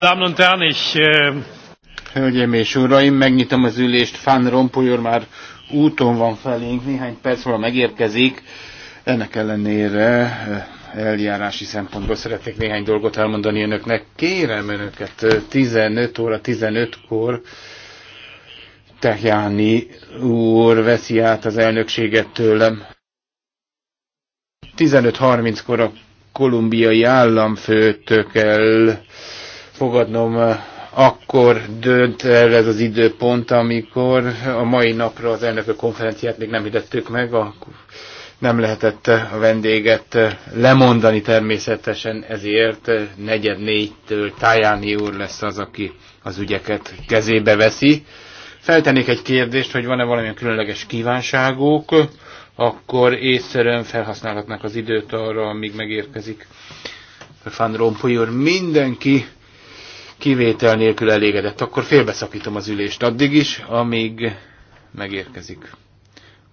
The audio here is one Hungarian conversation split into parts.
Äh, Hölgyeim és uraim, megnyitom az ülést. Fan Rompuyor már úton van felénk, néhány perc múlva megérkezik. Ennek ellenére eh, eljárási szempontból szeretnék néhány dolgot elmondani önöknek. Kérem önöket 15 eh, óra 15-kor Tehjáni úr veszi át az elnökséget tőlem. 15.30-kor a kolumbiai el fogadnom, eh, akkor dönt el ez az időpont, amikor a mai napra az elnökök konferenciát még nem hirdettük meg, akkor nem lehetett eh, a vendéget eh, lemondani természetesen, ezért negyed négytől Tájáni úr lesz az, aki az ügyeket kezébe veszi. Feltennék egy kérdést, hogy van-e valamilyen különleges kívánságuk, akkor észszerűen felhasználhatnak az időt arra, amíg megérkezik Van Rompuy úr. Mindenki kivétel nélkül elégedett, akkor félbeszakítom az ülést addig is, amíg megérkezik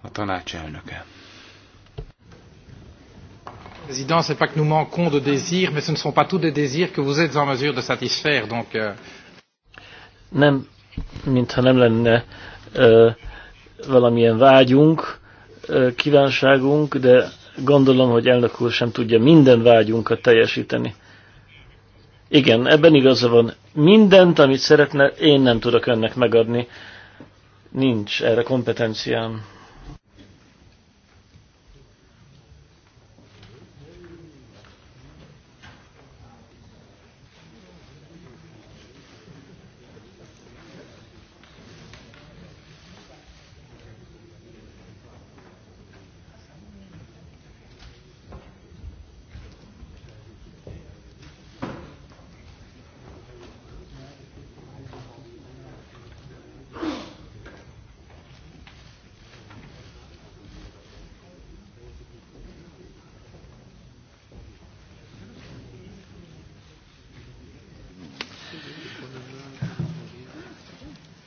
a tanácselnöke. elnöke. Président, c'est pas que nous manquons de désirs, mais ce ne sont pas tous des désirs que vous êtes en mesure de satisfaire. Donc, euh... Nem, mintha nem lenne ö, valamilyen vágyunk, ö, kívánságunk, de gondolom, hogy elnök úr sem tudja minden vágyunkat teljesíteni. Igen, ebben igaza van. Mindent, amit szeretne, én nem tudok önnek megadni. Nincs erre kompetenciám.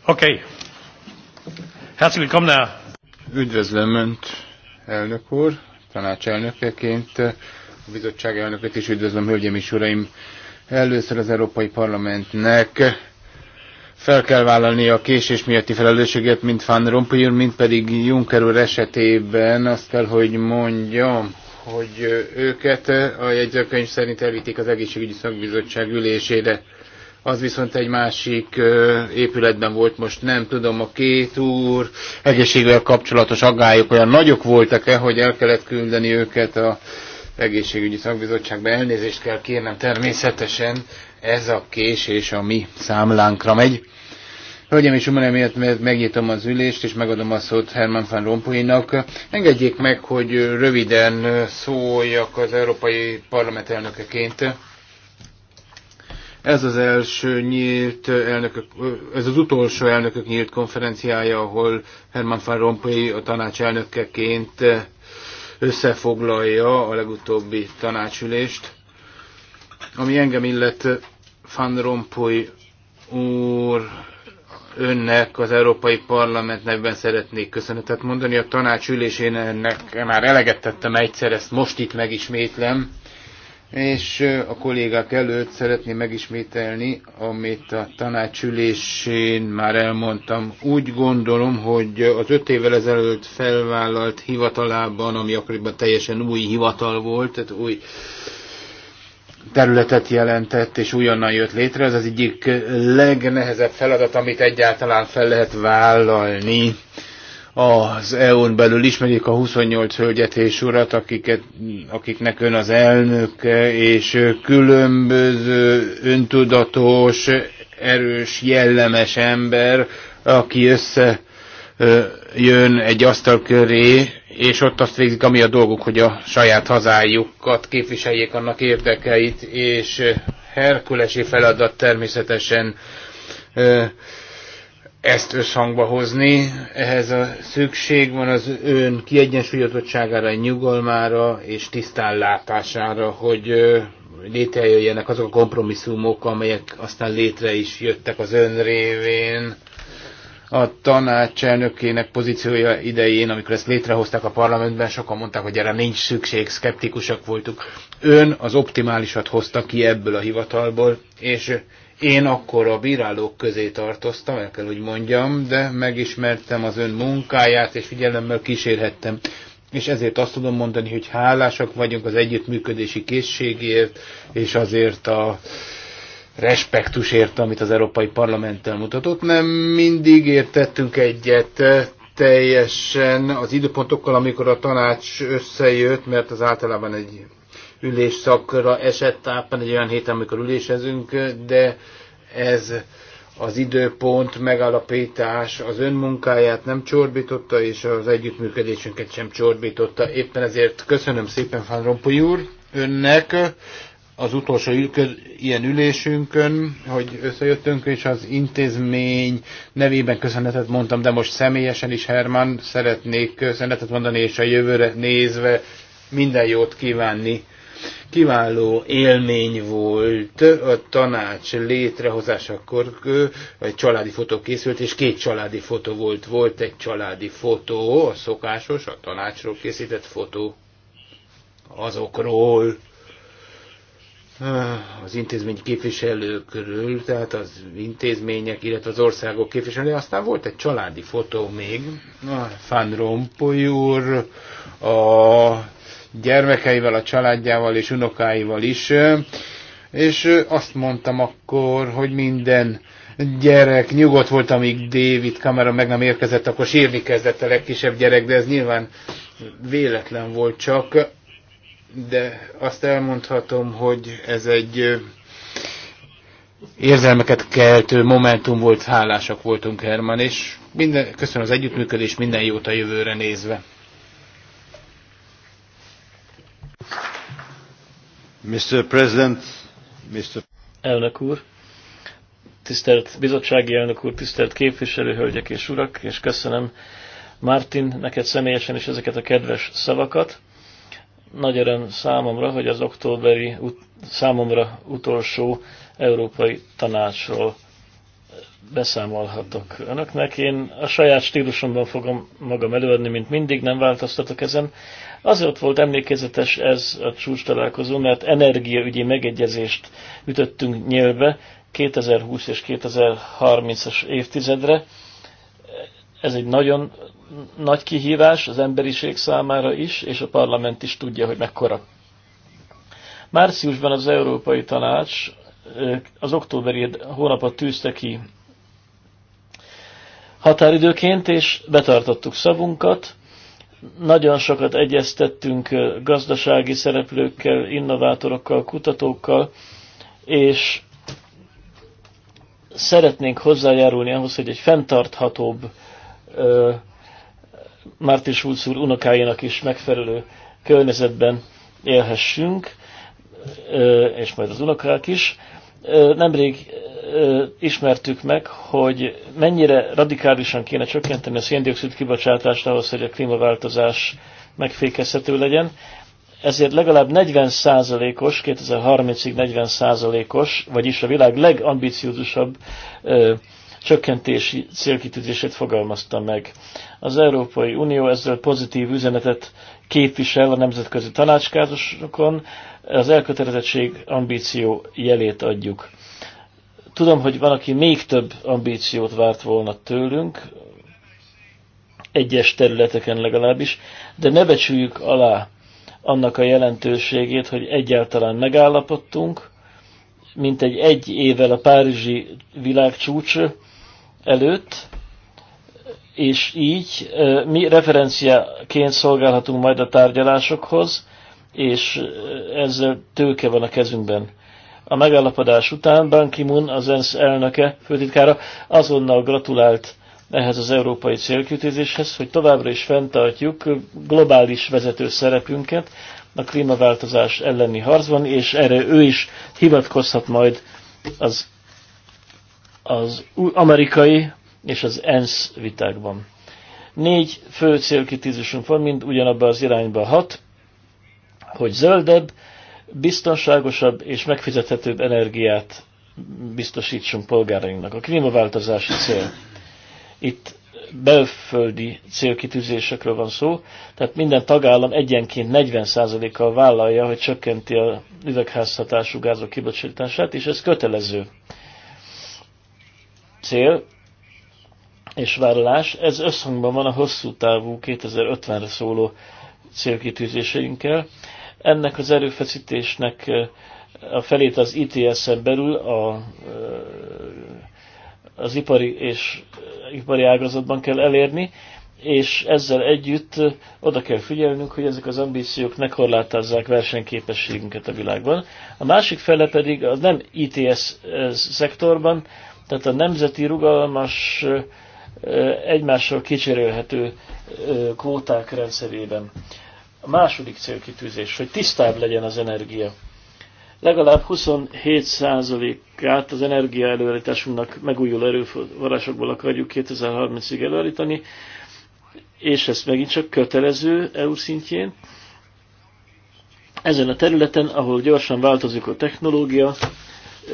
Okay. Herzlich willkommen, Herr. Üdvözlöm Önt, elnök úr, tanácselnökeként, a bizottság elnöket is üdvözlöm, hölgyeim és uraim. Először az Európai Parlamentnek fel kell vállalni a késés miatti felelősséget, mint Van Rompuy úr, mint pedig Juncker úr esetében azt kell, hogy mondjam, hogy őket a jegyzőkönyv szerint elvitték az egészségügyi szakbizottság ülésére az viszont egy másik ö, épületben volt, most nem tudom, a két úr egészségvel kapcsolatos aggályok olyan nagyok voltak-e, hogy el kellett küldeni őket a egészségügyi szakbizottságba. Elnézést kell kérnem, természetesen ez a késés a mi számlánkra megy. Hölgyeim és Umanem, miért megnyitom az ülést, és megadom a szót Herman van Rompuynak. Engedjék meg, hogy röviden szóljak az Európai Parlament elnökeként ez az első nyílt elnökök, ez az utolsó elnökök nyílt konferenciája, ahol Herman van Rompuy a tanács elnökeként összefoglalja a legutóbbi tanácsülést. Ami engem illet, Van Rompuy úr, önnek az Európai Parlament nevben szeretnék köszönetet mondani. A tanácsülésén ennek már eleget tettem egyszer, ezt most itt megismétlem és a kollégák előtt szeretném megismételni, amit a tanácsülésén már elmondtam. Úgy gondolom, hogy az öt évvel ezelőtt felvállalt hivatalában, ami akkoriban teljesen új hivatal volt, tehát új területet jelentett, és újonnan jött létre, ez az egyik legnehezebb feladat, amit egyáltalán fel lehet vállalni az EU-n belül ismerik a 28 hölgyet és urat, akiket, akiknek ön az elnök, és különböző öntudatos, erős, jellemes ember, aki össze jön egy asztal köré, és ott azt végzik, ami a dolguk, hogy a saját hazájukat képviseljék annak érdekeit, és herkulesi feladat természetesen ezt összhangba hozni. Ehhez a szükség van az ön kiegyensúlyozottságára, nyugalmára és tisztán látására, hogy létrejöjjenek azok a kompromisszumok, amelyek aztán létre is jöttek az ön révén. A tanács elnökének pozíciója idején, amikor ezt létrehozták a parlamentben, sokan mondták, hogy erre nincs szükség, szkeptikusak voltuk. Ön az optimálisat hozta ki ebből a hivatalból, és én akkor a bírálók közé tartoztam, el kell úgy mondjam, de megismertem az ön munkáját, és figyelemmel kísérhettem. És ezért azt tudom mondani, hogy hálásak vagyunk az együttműködési készségért, és azért a respektusért, amit az Európai Parlamenttel mutatott. Nem mindig értettünk egyet teljesen az időpontokkal, amikor a tanács összejött, mert az általában egy ülésszakra esett áppen egy olyan héten, amikor ülésezünk, de ez az időpont megalapítás az önmunkáját nem csorbította, és az együttműködésünket sem csorbította. Éppen ezért köszönöm szépen, fán Rompuy úr, önnek az utolsó ilyen ülésünkön, hogy összejöttünk, és az intézmény nevében köszönetet mondtam, de most személyesen is, Herman, szeretnék köszönetet mondani, és a jövőre nézve minden jót kívánni Kiváló élmény volt a tanács létrehozásakor, egy családi fotó készült, és két családi fotó volt. Volt egy családi fotó, a szokásos, a tanácsról készített fotó azokról, az intézmény képviselőkről, tehát az intézmények, illetve az országok képviselői. Aztán volt egy családi fotó még, Fan Rompuy úr, a gyermekeivel, a családjával és unokáival is. És azt mondtam akkor, hogy minden gyerek nyugodt volt, amíg David kamera meg nem érkezett, akkor sírni kezdett a legkisebb gyerek, de ez nyilván véletlen volt csak. De azt elmondhatom, hogy ez egy érzelmeket keltő momentum volt, hálásak voltunk Herman, és minden, köszönöm az együttműködés minden jót a jövőre nézve. Elnök úr, tisztelt bizottsági elnök úr, tisztelt képviselő, hölgyek és urak, és köszönöm Martin neked személyesen is ezeket a kedves szavakat. Nagy öröm számomra, hogy az októberi számomra utolsó európai tanácsról beszámolhatok önöknek. Én a saját stílusomban fogom magam előadni, mint mindig, nem változtatok ezen. Azért volt emlékezetes ez a csúcs találkozó, mert energiaügyi megegyezést ütöttünk nyélbe 2020 és 2030-as évtizedre. Ez egy nagyon nagy kihívás az emberiség számára is, és a parlament is tudja, hogy mekkora. Márciusban az Európai Tanács az októberi hónapot tűzte ki határidőként, és betartottuk szavunkat. Nagyon sokat egyeztettünk gazdasági szereplőkkel, innovátorokkal, kutatókkal, és szeretnénk hozzájárulni ahhoz, hogy egy fenntarthatóbb Martin Schulz úr unokáinak is megfelelő környezetben élhessünk, és majd az unokák is. Nemrég ismertük meg, hogy mennyire radikálisan kéne csökkenteni a széndiokszid kibocsátást ahhoz, hogy a klímaváltozás megfékezhető legyen. Ezért legalább 40%-os, 2030-ig 40%-os, vagyis a világ legambiciózusabb ö, csökkentési célkitűzését fogalmazta meg. Az Európai Unió ezzel pozitív üzenetet képvisel a nemzetközi tanácskázosokon, az elkötelezettség ambíció jelét adjuk. Tudom, hogy van, aki még több ambíciót várt volna tőlünk, egyes területeken legalábbis, de ne becsüljük alá annak a jelentőségét, hogy egyáltalán megállapodtunk, mint egy egy évvel a Párizsi világcsúcs előtt, és így mi referenciaként szolgálhatunk majd a tárgyalásokhoz, és ezzel tőke van a kezünkben. A megállapodás után Ban Ki-moon, az ENSZ elnöke, főtitkára azonnal gratulált ehhez az európai célkütézéshez, hogy továbbra is fenntartjuk globális vezető szerepünket a klímaváltozás elleni harcban, és erre ő is hivatkozhat majd az, az amerikai és az ENSZ vitákban. Négy fő célkitűzésünk van, mind ugyanabba az irányba hat, hogy zöldebb, biztonságosabb és megfizethetőbb energiát biztosítsunk polgárainknak. A klímaváltozási cél. Itt belföldi célkitűzésekről van szó, tehát minden tagállam egyenként 40%-kal vállalja, hogy csökkenti a üvegházhatású gázok kibocsátását, és ez kötelező cél, és vállalás. Ez összhangban van a hosszú távú 2050-re szóló célkitűzéseinkkel. Ennek az erőfeszítésnek a felét az ITS-en e belül a, az ipari és ipari ágazatban kell elérni, és ezzel együtt oda kell figyelnünk, hogy ezek az ambíciók ne korlátozzák versenyképességünket a világban. A másik fele pedig az nem ITS e szektorban, tehát a nemzeti rugalmas egymással kicserélhető kvóták rendszerében. A második célkitűzés, hogy tisztább legyen az energia. Legalább 27%-át az energia megújuló erőforrásokból akarjuk 2030-ig előállítani, és ezt megint csak kötelező EU szintjén. Ezen a területen, ahol gyorsan változik a technológia,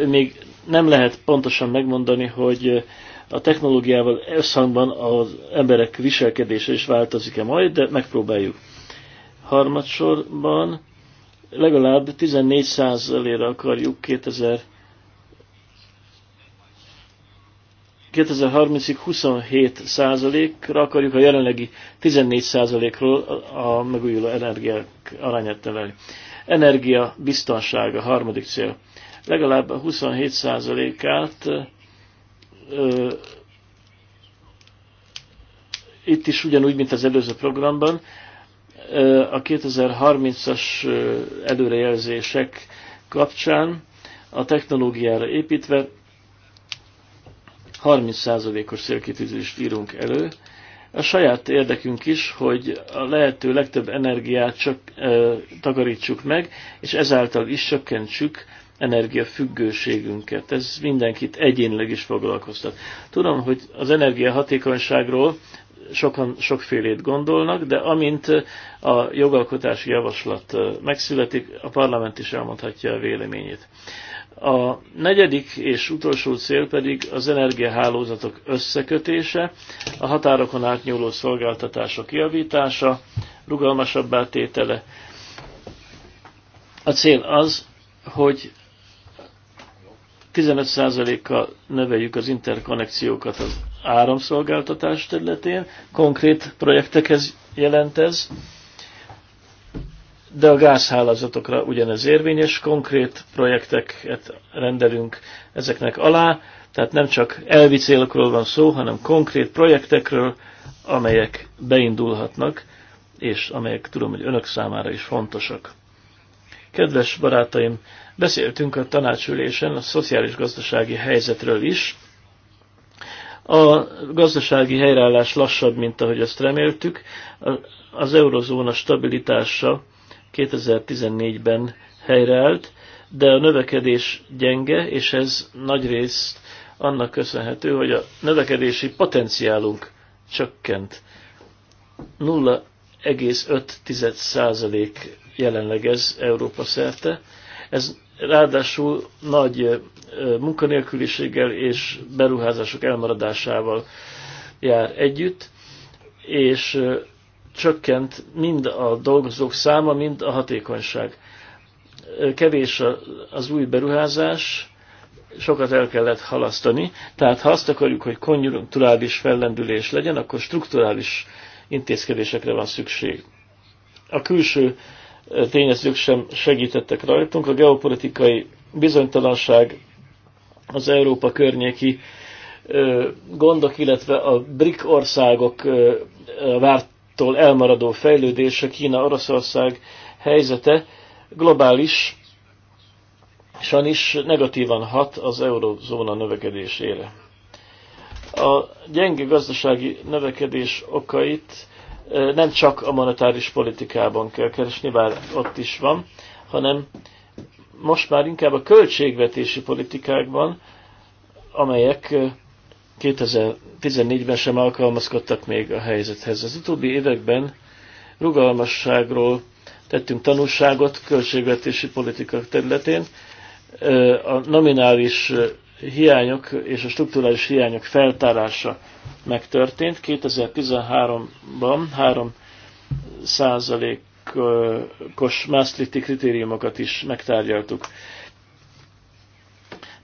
még nem lehet pontosan megmondani, hogy a technológiával összhangban az emberek viselkedése is változik-e majd, de megpróbáljuk. Harmadsorban legalább 14%-ra akarjuk 2000 2030-ig 27 százalékra akarjuk a jelenlegi 14 százalékról a megújuló energiák arányát növelni. Energia biztonsága, harmadik cél. Legalább a 27 százalékát itt is ugyanúgy, mint az előző programban, a 2030-as előrejelzések kapcsán a technológiára építve 30%-os célkitűzést írunk elő. A saját érdekünk is, hogy a lehető legtöbb energiát csak ö, takarítsuk meg, és ezáltal is csökkentsük energiafüggőségünket. Ez mindenkit egyénileg is foglalkoztat. Tudom, hogy az energiahatékonyságról sokan sokfélét gondolnak, de amint a jogalkotási javaslat megszületik, a parlament is elmondhatja a véleményét. A negyedik és utolsó cél pedig az energiahálózatok összekötése, a határokon átnyúló szolgáltatások javítása, rugalmasabbá tétele. A cél az, hogy 15%-kal növeljük az interkonnekciókat az áramszolgáltatás területén. Konkrét projektekhez jelent ez, de a gázhálózatokra ugyanez érvényes. Konkrét projekteket rendelünk ezeknek alá, tehát nem csak elvi célokról van szó, hanem konkrét projektekről, amelyek beindulhatnak, és amelyek tudom, hogy önök számára is fontosak. Kedves barátaim, Beszéltünk a tanácsülésen a szociális-gazdasági helyzetről is. A gazdasági helyreállás lassabb, mint ahogy azt reméltük. Az eurozóna stabilitása 2014-ben helyreállt, de a növekedés gyenge, és ez nagy részt annak köszönhető, hogy a növekedési potenciálunk csökkent. 0,5% jelenleg ez Európa szerte. Ez ráadásul nagy munkanélküliséggel és beruházások elmaradásával jár együtt, és csökkent mind a dolgozók száma, mind a hatékonyság. Kevés az új beruházás, sokat el kellett halasztani, tehát ha azt akarjuk, hogy konjunkturális fellendülés legyen, akkor strukturális intézkedésekre van szükség. A külső tényezők sem segítettek rajtunk. A geopolitikai bizonytalanság az Európa környéki gondok, illetve a BRIC országok vártól elmaradó fejlődése, Kína, Oroszország helyzete globális Sajnos is negatívan hat az eurozóna növekedésére. A gyenge gazdasági növekedés okait nem csak a monetáris politikában kell keresni, bár ott is van, hanem most már inkább a költségvetési politikákban, amelyek 2014-ben sem alkalmazkodtak még a helyzethez. Az utóbbi években rugalmasságról tettünk tanulságot költségvetési politika területén. A nominális hiányok és a strukturális hiányok feltárása megtörtént. 2013-ban 3 százalékos Maastrichti kritériumokat is megtárgyaltuk.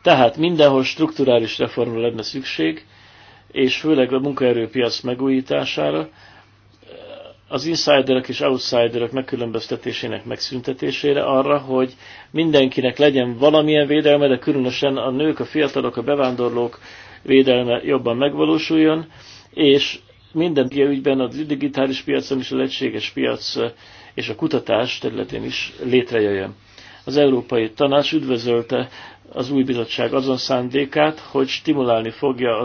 Tehát mindenhol strukturális reformra lenne szükség, és főleg a munkaerőpiac megújítására, az insiderek és outsiderek megkülönböztetésének megszüntetésére arra, hogy mindenkinek legyen valamilyen védelme, de különösen a nők, a fiatalok, a bevándorlók védelme jobban megvalósuljon, és minden ügyben a digitális piacon is a lehetséges piac eh, és a kutatás területén is létrejöjjön. Az Európai Tanács üdvözölte az új bizottság azon szándékát, hogy stimulálni fogja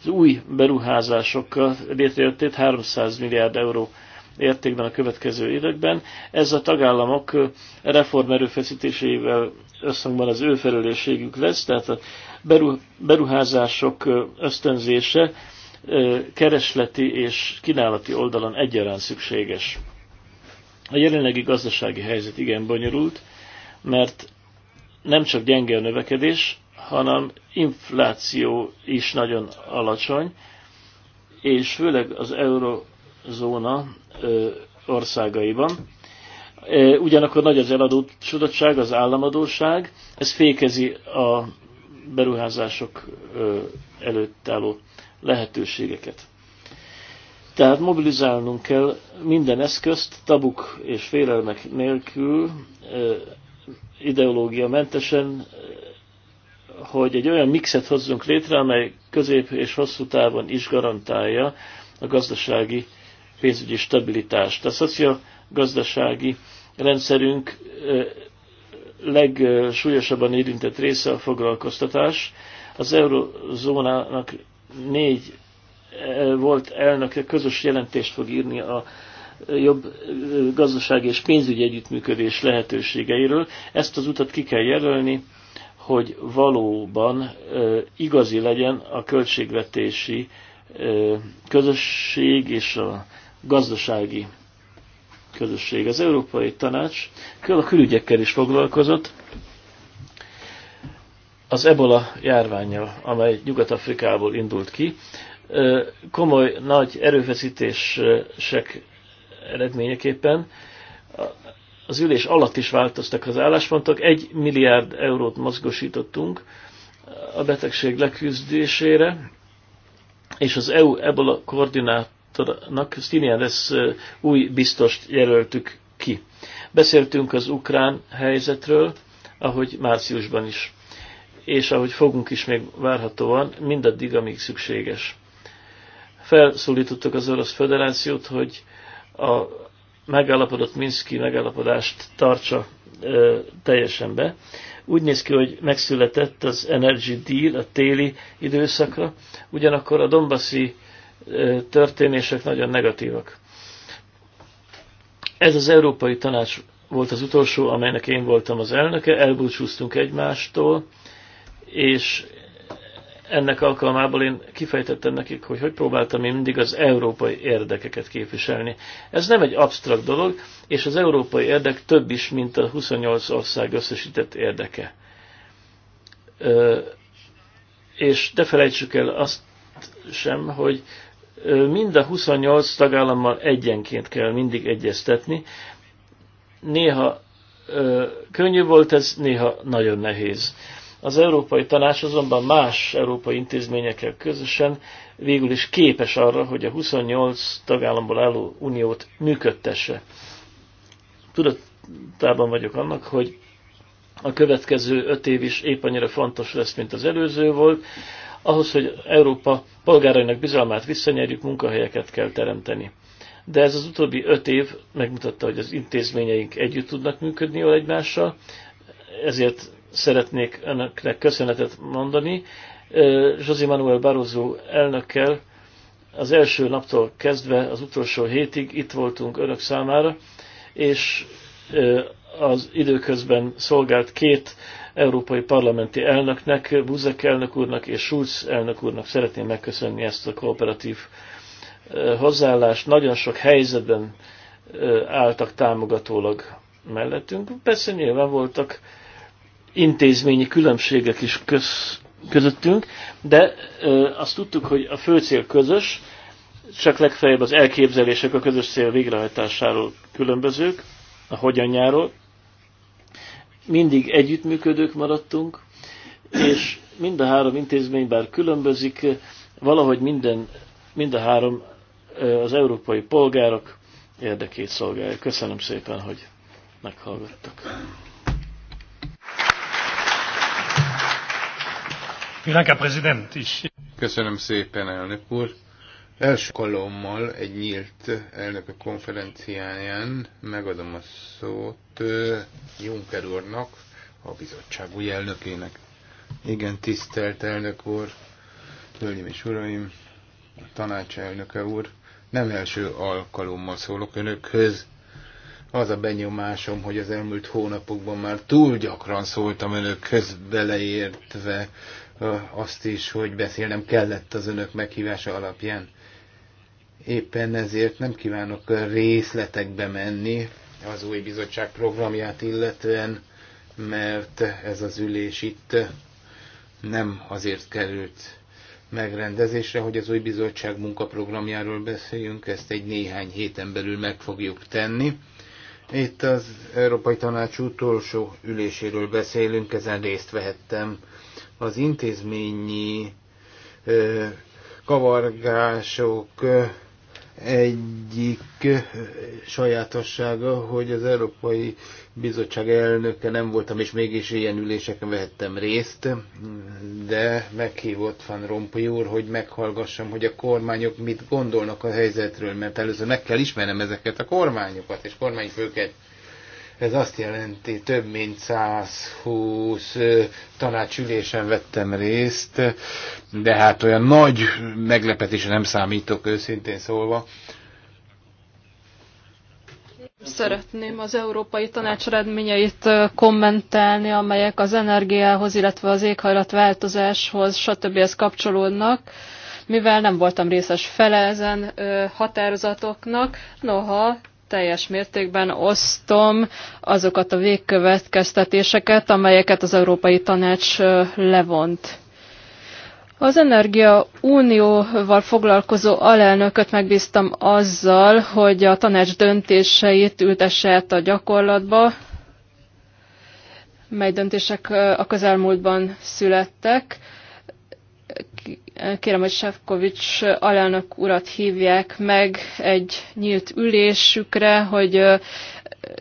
az új beruházások létrejöttét 300 milliárd euró értékben a következő években. Ez a tagállamok erőfeszítéseivel összhangban az ő felelősségük lesz, tehát a beruházások ösztönzése keresleti és kínálati oldalon egyaránt szükséges. A jelenlegi gazdasági helyzet igen bonyolult, mert nem csak gyenge a növekedés, hanem infláció is nagyon alacsony, és főleg az euró zóna országaiban. Ugyanakkor nagy az eladósodottság, az államadóság, ez fékezi a beruházások előtt álló lehetőségeket. Tehát mobilizálnunk kell minden eszközt, tabuk és félelmek nélkül, ideológia mentesen, hogy egy olyan mixet hozzunk létre, amely közép és hosszú távon is garantálja a gazdasági pénzügyi stabilitást. A szociogazdasági rendszerünk legsúlyosabban érintett része a foglalkoztatás. Az eurozónának négy volt elnöke közös jelentést fog írni a jobb gazdasági és pénzügyi együttműködés lehetőségeiről. Ezt az utat ki kell jelölni, hogy valóban igazi legyen a költségvetési közösség és a gazdasági közösség. Az Európai Tanács a külügyekkel is foglalkozott, az ebola járványjal, amely Nyugat-Afrikából indult ki. Komoly, nagy erőfeszítések eredményeképpen az ülés alatt is változtak az álláspontok. Egy milliárd eurót mozgosítottunk a betegség leküzdésére, és az EU ebola koordinát koordinátornak, Stinianes új biztost jelöltük ki. Beszéltünk az ukrán helyzetről, ahogy márciusban is, és ahogy fogunk is még várhatóan, mindaddig, amíg szükséges. Felszólítottuk az Orosz Föderációt, hogy a megállapodott Minszki megállapodást tartsa ö, teljesen be. Úgy néz ki, hogy megszületett az Energy Deal a téli időszakra, ugyanakkor a Dombaszi történések nagyon negatívak. Ez az Európai Tanács volt az utolsó, amelynek én voltam az elnöke, elbúcsúztunk egymástól, és ennek alkalmából én kifejtettem nekik, hogy hogy próbáltam én mindig az európai érdekeket képviselni. Ez nem egy absztrakt dolog, és az európai érdek több is, mint a 28 ország összesített érdeke. Ö, és ne felejtsük el azt sem, hogy mind a 28 tagállammal egyenként kell mindig egyeztetni. Néha ö, könnyű volt ez, néha nagyon nehéz. Az Európai Tanács azonban más európai intézményekkel közösen végül is képes arra, hogy a 28 tagállamból álló uniót működtesse. Tudatában vagyok annak, hogy a következő öt év is épp annyira fontos lesz, mint az előző volt. Ahhoz, hogy Európa polgárainak bizalmát visszanyerjük, munkahelyeket kell teremteni. De ez az utóbbi öt év megmutatta, hogy az intézményeink együtt tudnak működni jól egymással, ezért szeretnék önöknek köszönetet mondani. José Manuel Barroso elnökkel az első naptól kezdve az utolsó hétig itt voltunk önök számára, és az időközben szolgált két európai parlamenti elnöknek, Buzek elnök úrnak és Schulz elnök úrnak szeretném megköszönni ezt a kooperatív hozzáállást. Nagyon sok helyzetben álltak támogatólag mellettünk. Persze nyilván voltak intézményi különbségek is köz, közöttünk, de ö, azt tudtuk, hogy a fő cél közös, csak legfeljebb az elképzelések a közös cél végrehajtásáról különbözők, a hogyanjáról. Mindig együttműködők maradtunk, és mind a három intézmény bár különbözik, valahogy minden, mind a három az európai polgárok érdekét szolgálja. Köszönöm szépen, hogy meghallgattak. Köszönöm szépen, elnök úr első kalommal egy nyílt elnökök konferenciáján megadom a szót Juncker úrnak, a bizottság új elnökének. Igen, tisztelt elnök úr, hölgyeim és uraim, a tanácselnöke úr, nem első alkalommal szólok önökhöz. Az a benyomásom, hogy az elmúlt hónapokban már túl gyakran szóltam önökhöz, beleértve azt is, hogy beszélnem kellett az önök meghívása alapján. Éppen ezért nem kívánok részletekbe menni az új bizottság programját illetően, mert ez az ülés itt nem azért került megrendezésre, hogy az új bizottság munkaprogramjáról beszéljünk, ezt egy néhány héten belül meg fogjuk tenni. Itt az Európai Tanács utolsó üléséről beszélünk, ezen részt vehettem. Az intézményi ö, kavargások, egyik sajátossága, hogy az Európai Bizottság elnöke nem voltam, és mégis ilyen üléseken vehettem részt, de meghívott Van Rompuy úr, hogy meghallgassam, hogy a kormányok mit gondolnak a helyzetről, mert először meg kell ismernem ezeket a kormányokat és kormányfőket. Ez azt jelenti, több mint 120 tanácsülésen vettem részt, de hát olyan nagy meglepetésre nem számítok őszintén szólva. Szeretném az Európai Tanács eredményeit kommentálni, amelyek az energiához, illetve az éghajlatváltozáshoz, stb. ez kapcsolódnak. Mivel nem voltam részes fele ezen határozatoknak, noha teljes mértékben osztom azokat a végkövetkeztetéseket, amelyeket az Európai Tanács levont. Az Energia Unióval foglalkozó alelnököt megbíztam azzal, hogy a tanács döntéseit ültesse át a gyakorlatba, mely döntések a közelmúltban születtek Kérem, hogy Sefkovics alelnök urat hívják meg egy nyílt ülésükre, hogy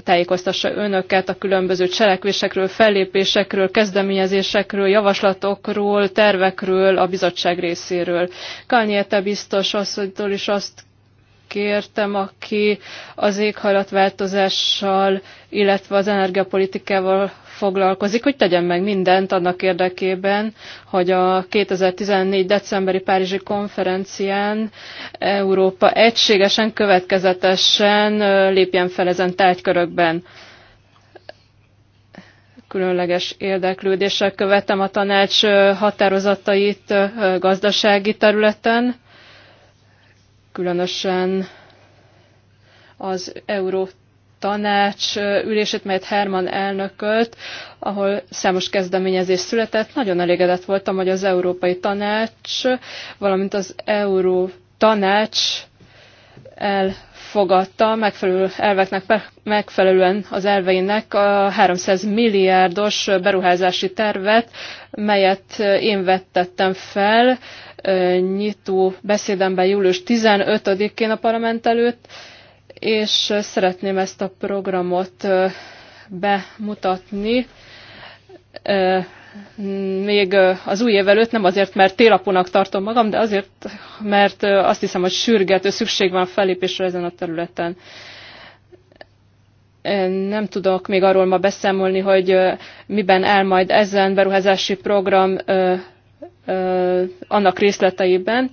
tájékoztassa önöket a különböző cselekvésekről, fellépésekről, kezdeményezésekről, javaslatokról, tervekről, a bizottság részéről. Kanyete biztos asszonytól is azt kértem, aki az éghajlatváltozással, illetve az energiapolitikával foglalkozik, hogy tegyen meg mindent annak érdekében, hogy a 2014. decemberi Párizsi konferencián Európa egységesen, következetesen lépjen fel ezen tárgykörökben különleges érdeklődéssel követem a tanács határozatait gazdasági területen, különösen az euró tanács ülését, melyet Herman elnökölt, ahol számos kezdeményezés született. Nagyon elégedett voltam, hogy az Európai Tanács, valamint az Euró Tanács elfogadta megfelelő elveknek, megfelelően az elveinek a 300 milliárdos beruházási tervet, melyet én vettettem fel nyitó beszédemben július 15-én a parlament előtt, és szeretném ezt a programot bemutatni. Még az új év előtt nem azért, mert télapónak tartom magam, de azért, mert azt hiszem, hogy sürgető szükség van fellépésre ezen a területen. Nem tudok még arról ma beszámolni, hogy miben áll majd ezen beruházási program annak részleteiben,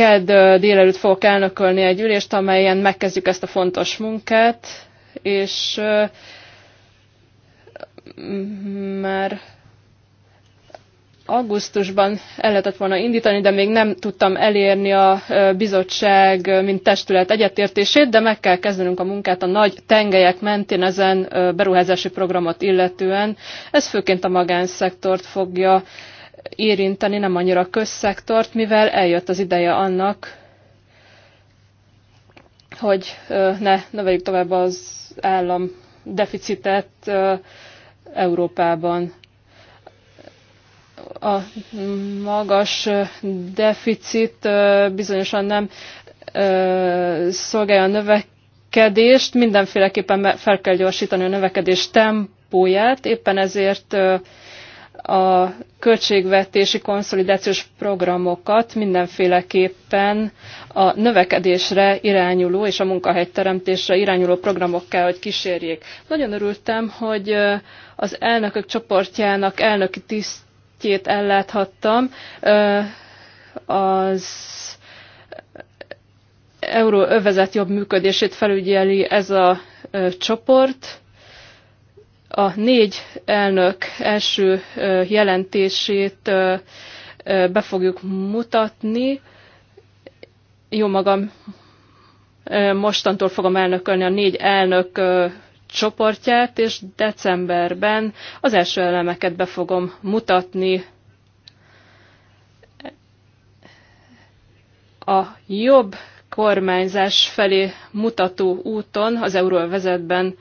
KED délelőtt fogok elnökölni egy ülést, amelyen megkezdjük ezt a fontos munkát, és már augusztusban el lehetett volna indítani, de még nem tudtam elérni a bizottság, mint testület egyetértését, de meg kell kezdenünk a munkát a nagy tengelyek mentén ezen beruházási programot illetően. Ez főként a magánszektort fogja érinteni, nem annyira a közszektort, mivel eljött az ideje annak, hogy ne növeljük tovább az állam deficitet Európában. A magas deficit bizonyosan nem szolgálja a növekedést, mindenféleképpen fel kell gyorsítani a növekedés tempóját, éppen ezért a költségvetési konszolidációs programokat mindenféleképpen a növekedésre irányuló és a munkahelyteremtésre irányuló programok kell, hogy kísérjék. Nagyon örültem, hogy az elnökök csoportjának elnöki tisztjét elláthattam. Az euróövezet jobb működését felügyeli ez a csoport a négy elnök első jelentését be fogjuk mutatni. Jó magam, mostantól fogom elnökölni a négy elnök csoportját, és decemberben az első elemeket be fogom mutatni a jobb kormányzás felé mutató úton az euróvezetben vezetben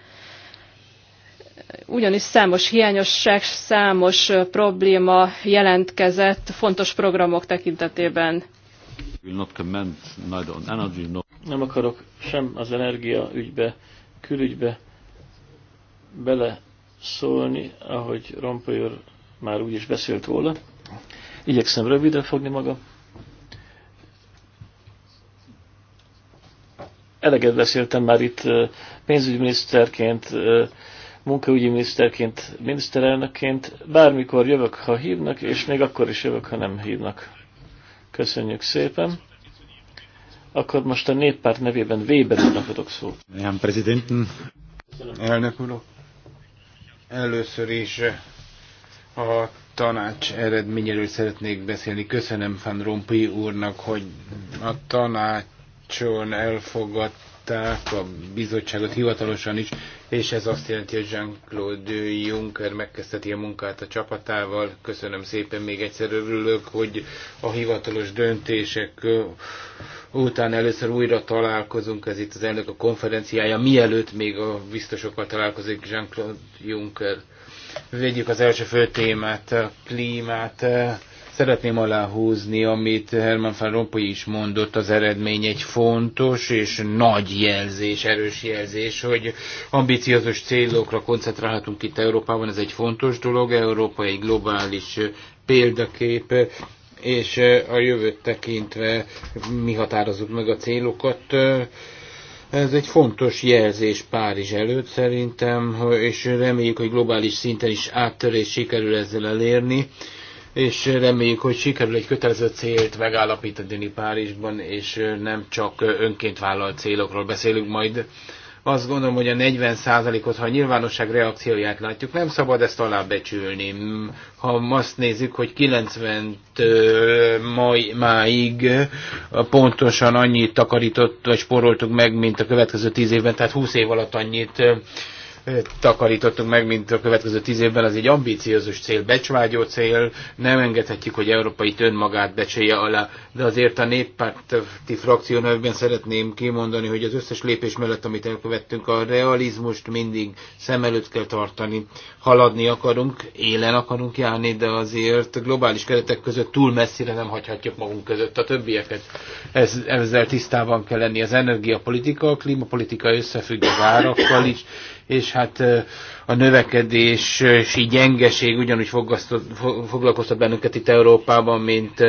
ugyanis számos hiányosság, számos probléma jelentkezett fontos programok tekintetében. Nem akarok sem az energia ügybe, külügybe bele szólni, ahogy Rompolyor már úgy is beszélt róla. Igyekszem röviden fogni magam. Eleget beszéltem már itt pénzügyminiszterként, munkaügyi miniszterként, miniszterelnökként bármikor jövök, ha hívnak, és még akkor is jövök, ha nem hívnak. Köszönjük szépen. Akkor most a néppárt nevében Weber úrnak adok szót. Ján prezidenten, elnök úr, először is a tanács eredményéről szeretnék beszélni. Köszönöm Van Rompuy úrnak, hogy a tanácson elfogadt meghívták a bizottságot hivatalosan is, és ez azt jelenti, hogy Jean-Claude Juncker megkezdheti a munkát a csapatával. Köszönöm szépen, még egyszer örülök, hogy a hivatalos döntések után először újra találkozunk, ez itt az elnök a konferenciája, mielőtt még a biztosokkal találkozik Jean-Claude Juncker. Vegyük az első fő témát, a klímát Szeretném aláhúzni, amit Herman van Rompuy is mondott, az eredmény egy fontos és nagy jelzés, erős jelzés, hogy ambiciózus célokra koncentrálhatunk itt Európában, ez egy fontos dolog, Európa egy globális példakép, és a jövőt tekintve mi határozunk meg a célokat. Ez egy fontos jelzés Párizs előtt szerintem, és reméljük, hogy globális szinten is áttörés sikerül ezzel elérni és reméljük, hogy sikerül egy kötelező célt megállapítani Párizsban, és nem csak önként vállalt célokról beszélünk majd. Azt gondolom, hogy a 40%-ot, ha a nyilvánosság reakcióját látjuk, nem szabad ezt alábecsülni. Ha azt nézzük, hogy 90-től mai, máig pontosan annyit takarított, vagy sporoltuk meg, mint a következő 10 évben, tehát 20 év alatt annyit takarítottunk meg, mint a következő tíz évben, az egy ambíciózus cél, becsvágyó cél, nem engedhetjük, hogy európai tön magát becséje alá, de azért a néppárti frakció nevében szeretném kimondani, hogy az összes lépés mellett, amit elkövettünk, a realizmust mindig szem előtt kell tartani. Haladni akarunk, élen akarunk járni, de azért globális keretek között túl messzire nem hagyhatjuk magunk között a többieket. Ez, ezzel tisztában kell lenni az energiapolitika, a klímapolitika összefügg az árakkal is, és hát a növekedési gyengeség ugyanúgy foglalkoztat bennünket itt Európában, mint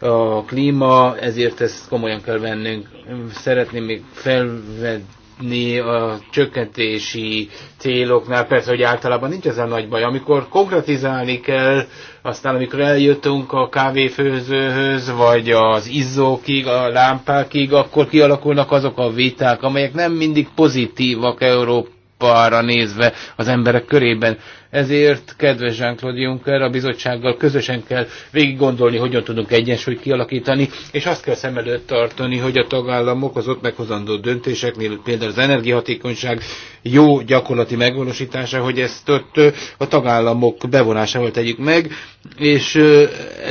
a klíma, ezért ezt komolyan kell vennünk. Szeretném még felvenni a csökkentési céloknál, persze, hogy általában nincs ezzel nagy baj. Amikor konkretizálni kell, aztán amikor eljutunk a kávéfőzőhöz, vagy az izzókig, a lámpákig, akkor kialakulnak azok a viták, amelyek nem mindig pozitívak Európa nappalra nézve az emberek körében. Ezért, kedves Jean-Claude Juncker, a bizottsággal közösen kell végig gondolni, hogyan tudunk egyensúlyt kialakítani, és azt kell szem előtt tartani, hogy a tagállamok az ott meghozandó döntések, például az energiahatékonyság jó gyakorlati megvalósítása, hogy ezt ott a tagállamok bevonásával tegyük meg, és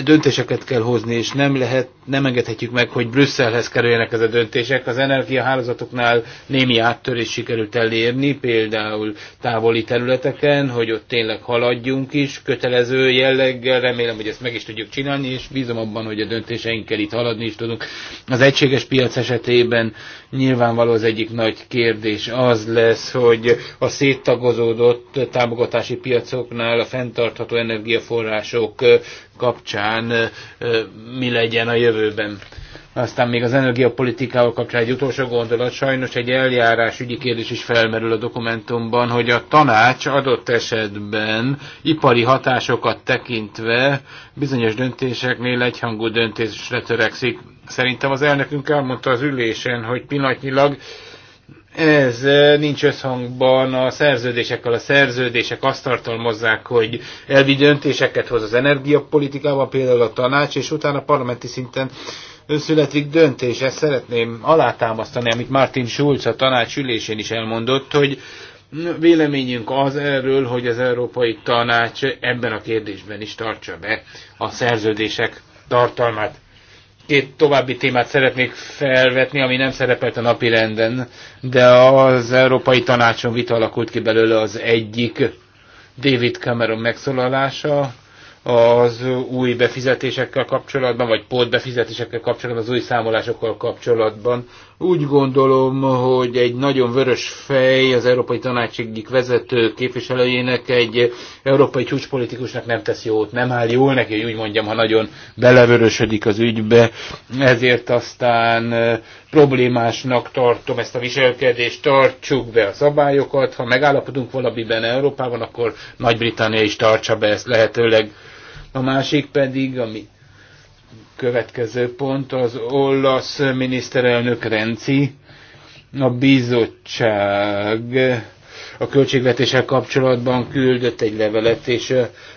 döntéseket kell hozni, és nem lehet, nem engedhetjük meg, hogy Brüsszelhez kerüljenek ez a döntések. Az energiahálózatoknál némi áttörés sikerült elérni, például távoli területeken, hogy ott tényleg haladjunk is, kötelező jelleggel, remélem, hogy ezt meg is tudjuk csinálni, és bízom abban, hogy a döntéseinkkel itt haladni is tudunk. Az egységes piac esetében nyilvánvaló az egyik nagy kérdés az lesz, hogy a széttagozódott támogatási piacoknál a fenntartható energiaforrások kapcsán mi legyen a jövőben. Aztán még az energiapolitikával kapcsolatban egy utolsó gondolat, sajnos egy eljárásügyi kérdés is felmerül a dokumentumban, hogy a tanács adott esetben ipari hatásokat tekintve bizonyos döntéseknél egyhangú döntésre törekszik. Szerintem az elnökünk elmondta az ülésen, hogy pillanatnyilag ez eh, nincs összhangban a szerződésekkel. A szerződések azt tartalmazzák, hogy elvi döntéseket hoz az energiapolitikában, például a tanács, és utána parlamenti szinten születik döntés. Ezt szeretném alátámasztani, amit Martin Schulz a tanács ülésén is elmondott, hogy véleményünk az erről, hogy az Európai Tanács ebben a kérdésben is tartsa be a szerződések tartalmát. Két további témát szeretnék felvetni, ami nem szerepelt a napi renden, de az Európai Tanácson vita alakult ki belőle az egyik David Cameron megszólalása, az új befizetésekkel kapcsolatban, vagy pótbefizetésekkel kapcsolatban, az új számolásokkal kapcsolatban úgy gondolom, hogy egy nagyon vörös fej az Európai Tanács egyik vezető képviselőjének egy európai csúcspolitikusnak nem tesz jót, nem áll jól neki, hogy úgy mondjam, ha nagyon belevörösödik az ügybe. Ezért aztán problémásnak tartom ezt a viselkedést, tartsuk be a szabályokat, ha megállapodunk valamiben Európában, akkor Nagy-Britannia is tartsa be ezt lehetőleg. A másik pedig, amit következő pont az olasz miniszterelnök Renci, a bizottság a költségvetéssel kapcsolatban küldött egy levelet, és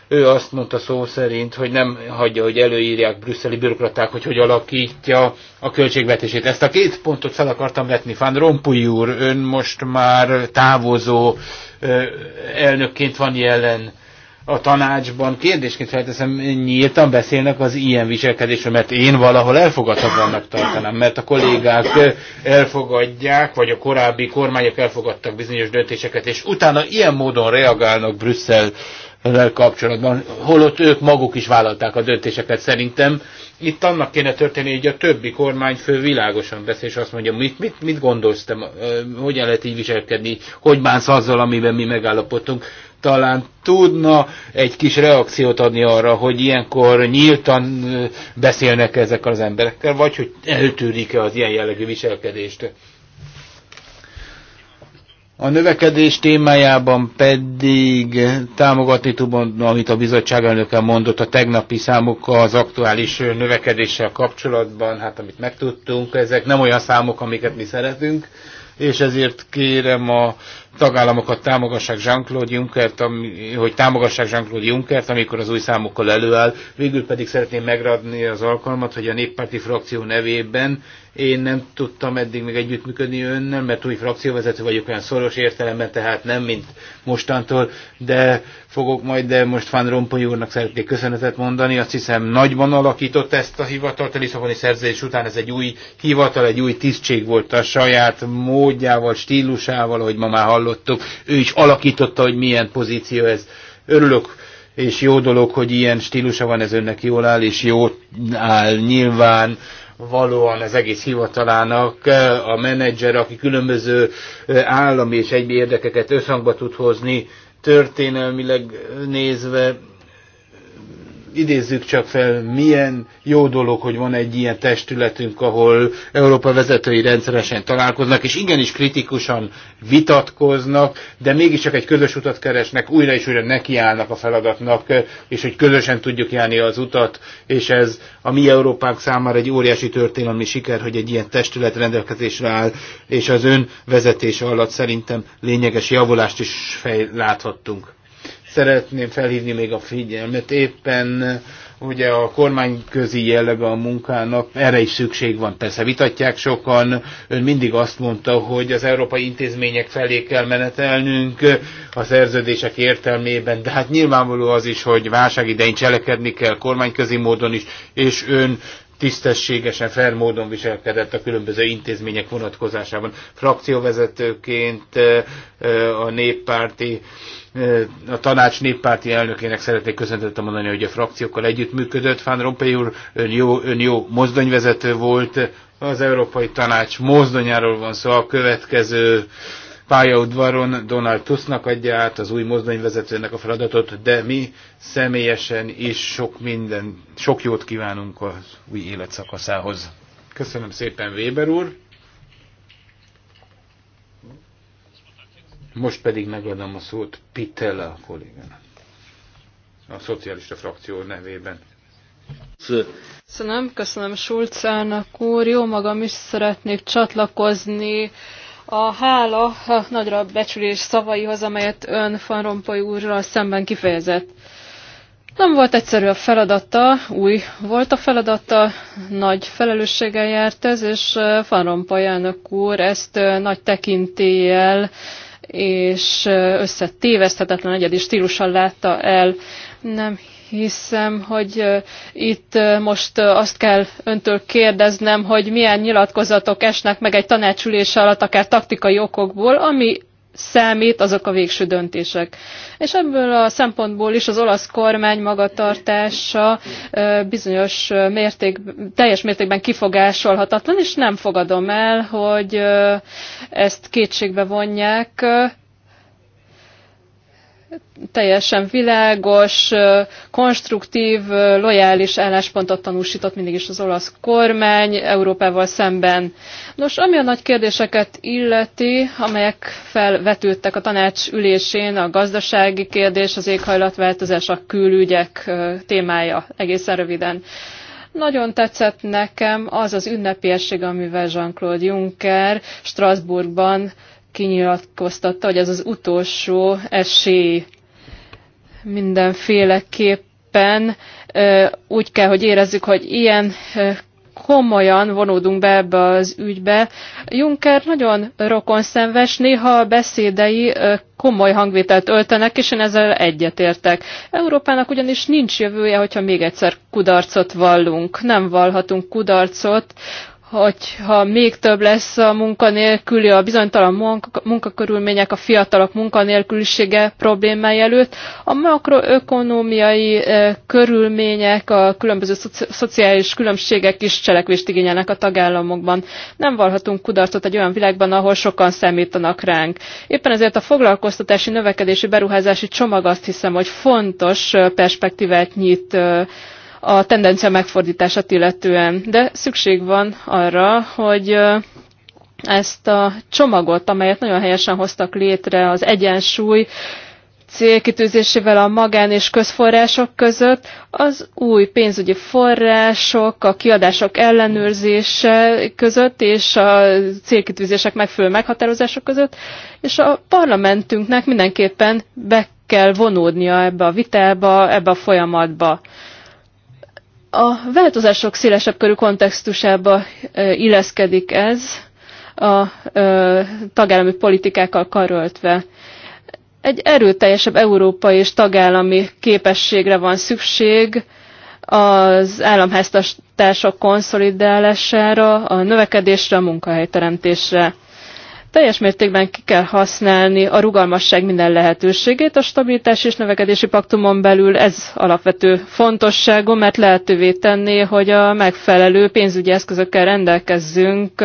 ő azt mondta szó szerint, hogy nem hagyja, hogy előírják brüsszeli bürokraták, hogy hogy alakítja a költségvetését. Ezt a két pontot fel akartam vetni. Fán Rompuy úr, ön most már távozó elnökként van jelen a tanácsban kérdésként felteszem, nyíltan beszélnek az ilyen viselkedésről, mert én valahol elfogadhatóanak tartanám, mert a kollégák elfogadják, vagy a korábbi kormányok elfogadtak bizonyos döntéseket, és utána ilyen módon reagálnak Brüsszel kapcsolatban, holott ők maguk is vállalták a döntéseket szerintem. Itt annak kéne történni, hogy a többi kormányfő világosan beszél, és azt mondja, mit, mit, mit gondolsz te, hogyan lehet így viselkedni, hogy bánsz azzal, amiben mi megállapodtunk talán tudna egy kis reakciót adni arra, hogy ilyenkor nyíltan beszélnek ezek az emberekkel, vagy hogy eltűrik-e az ilyen jellegű viselkedést. A növekedés témájában pedig támogatni tudom, amit a bizottság elnöke mondott a tegnapi számokkal az aktuális növekedéssel kapcsolatban, hát amit megtudtunk, ezek nem olyan számok, amiket mi szeretünk, és ezért kérem a tagállamokat támogassák Jean-Claude Junckert, hogy támogassák Jean-Claude Junckert, amikor az új számokkal előáll. Végül pedig szeretném megradni az alkalmat, hogy a néppárti frakció nevében én nem tudtam eddig még együttműködni önnel, mert új frakcióvezető vagyok olyan szoros értelemben, tehát nem mint mostantól, de fogok majd, de most Van Rompuy úrnak szeretnék köszönetet mondani. Azt hiszem nagyban alakított ezt a hivatalt, a Lisszaboni szerződés után ez egy új hivatal, egy új tisztség volt a saját módjával, stílusával, hogy ma már hall hallottuk, ő is alakította, hogy milyen pozíció ez. Örülök, és jó dolog, hogy ilyen stílusa van, ez önnek jól áll, és jó áll nyilván valóan az egész hivatalának eh, a menedzser, aki különböző eh, állami és egyéb érdekeket összhangba tud hozni, történelmileg nézve idézzük csak fel, milyen jó dolog, hogy van egy ilyen testületünk, ahol Európa vezetői rendszeresen találkoznak, és igenis kritikusan vitatkoznak, de mégiscsak egy közös utat keresnek, újra és újra nekiállnak a feladatnak, és hogy közösen tudjuk járni az utat, és ez a mi Európánk számára egy óriási történelmi siker, hogy egy ilyen testület rendelkezésre áll, és az ön vezetése alatt szerintem lényeges javulást is fej, láthattunk szeretném felhívni még a figyelmet. Éppen ugye a kormányközi jellege a munkának, erre is szükség van. Persze vitatják sokan, ön mindig azt mondta, hogy az európai intézmények felé kell menetelnünk a szerződések értelmében, de hát nyilvánvaló az is, hogy válság idején cselekedni kell kormányközi módon is, és ön tisztességesen, felmódon viselkedett a különböző intézmények vonatkozásában. Frakcióvezetőként eh, a néppárti a tanács néppárti elnökének szeretnék köszöntetem mondani, hogy a frakciókkal együttműködött. Fán Rompély úr, ön jó, ön jó mozdonyvezető volt, az Európai Tanács mozdonyáról van szó, a következő pályaudvaron Donald Tusknak adja át az új mozdonyvezetőnek a feladatot, de mi személyesen is sok minden, sok jót kívánunk az új életszakaszához. Köszönöm szépen Weber úr! Most pedig megadom a szót Pitella kollégának. A szocialista frakció nevében. Köszönöm, köszönöm Sulcának úr. Jó magam is szeretnék csatlakozni a hála a nagyra becsülés szavaihoz, amelyet ön Van Rompoy úrral szemben kifejezett. Nem volt egyszerű a feladata, új volt a feladata, nagy felelősséggel járt ez, és eh, Van Rompoy elnök úr ezt eh, nagy tekintéllyel és összetéveszthetetlen egyedi stílussal látta el. Nem hiszem, hogy itt most azt kell öntől kérdeznem, hogy milyen nyilatkozatok esnek meg egy tanácsülés alatt, akár taktikai okokból, ami számít, azok a végső döntések. És ebből a szempontból is az olasz kormány magatartása bizonyos mérték, teljes mértékben kifogásolhatatlan, és nem fogadom el, hogy ezt kétségbe vonják teljesen világos, konstruktív, lojális álláspontot tanúsított mindig is az olasz kormány Európával szemben. Nos, ami a nagy kérdéseket illeti, amelyek felvetődtek a tanács ülésén, a gazdasági kérdés, az éghajlatváltozás, a külügyek témája egészen röviden. Nagyon tetszett nekem az az ünnepélyesség, amivel Jean-Claude Juncker Strasbourgban kinyilatkoztatta, hogy ez az utolsó esély mindenféleképpen. Úgy kell, hogy érezzük, hogy ilyen komolyan vonódunk be ebbe az ügybe. Juncker nagyon rokonszenves, néha a beszédei komoly hangvételt öltenek, és én ezzel egyetértek. Európának ugyanis nincs jövője, hogyha még egyszer kudarcot vallunk. Nem vallhatunk kudarcot, hogyha még több lesz a munkanélküli, a bizonytalan munka, munkakörülmények, a fiatalok munkanélkülisége problémái előtt, a makroökonómiai e, körülmények, a különböző szociális különbségek is cselekvést igényelnek a tagállamokban. Nem valhatunk kudarcot egy olyan világban, ahol sokan számítanak ránk. Éppen ezért a foglalkoztatási növekedési beruházási csomag azt hiszem, hogy fontos e, perspektívát nyit e, a tendencia megfordítását illetően. De szükség van arra, hogy ezt a csomagot, amelyet nagyon helyesen hoztak létre az egyensúly célkitűzésével a magán és közforrások között, az új pénzügyi források, a kiadások ellenőrzése között és a célkitűzések megfelelő meghatározások között, és a parlamentünknek mindenképpen be kell vonódnia ebbe a vitába, ebbe a folyamatba. A változások szélesebb körű kontextusába illeszkedik ez a tagállami politikákkal karöltve. Egy erőteljesebb európai és tagállami képességre van szükség, az államháztartások konszolidálására, a növekedésre, a munkahelyteremtésre. Teljes mértékben ki kell használni a rugalmasság minden lehetőségét a stabilitás és növekedési paktumon belül. Ez alapvető fontosságú, mert lehetővé tenni, hogy a megfelelő pénzügyi eszközökkel rendelkezzünk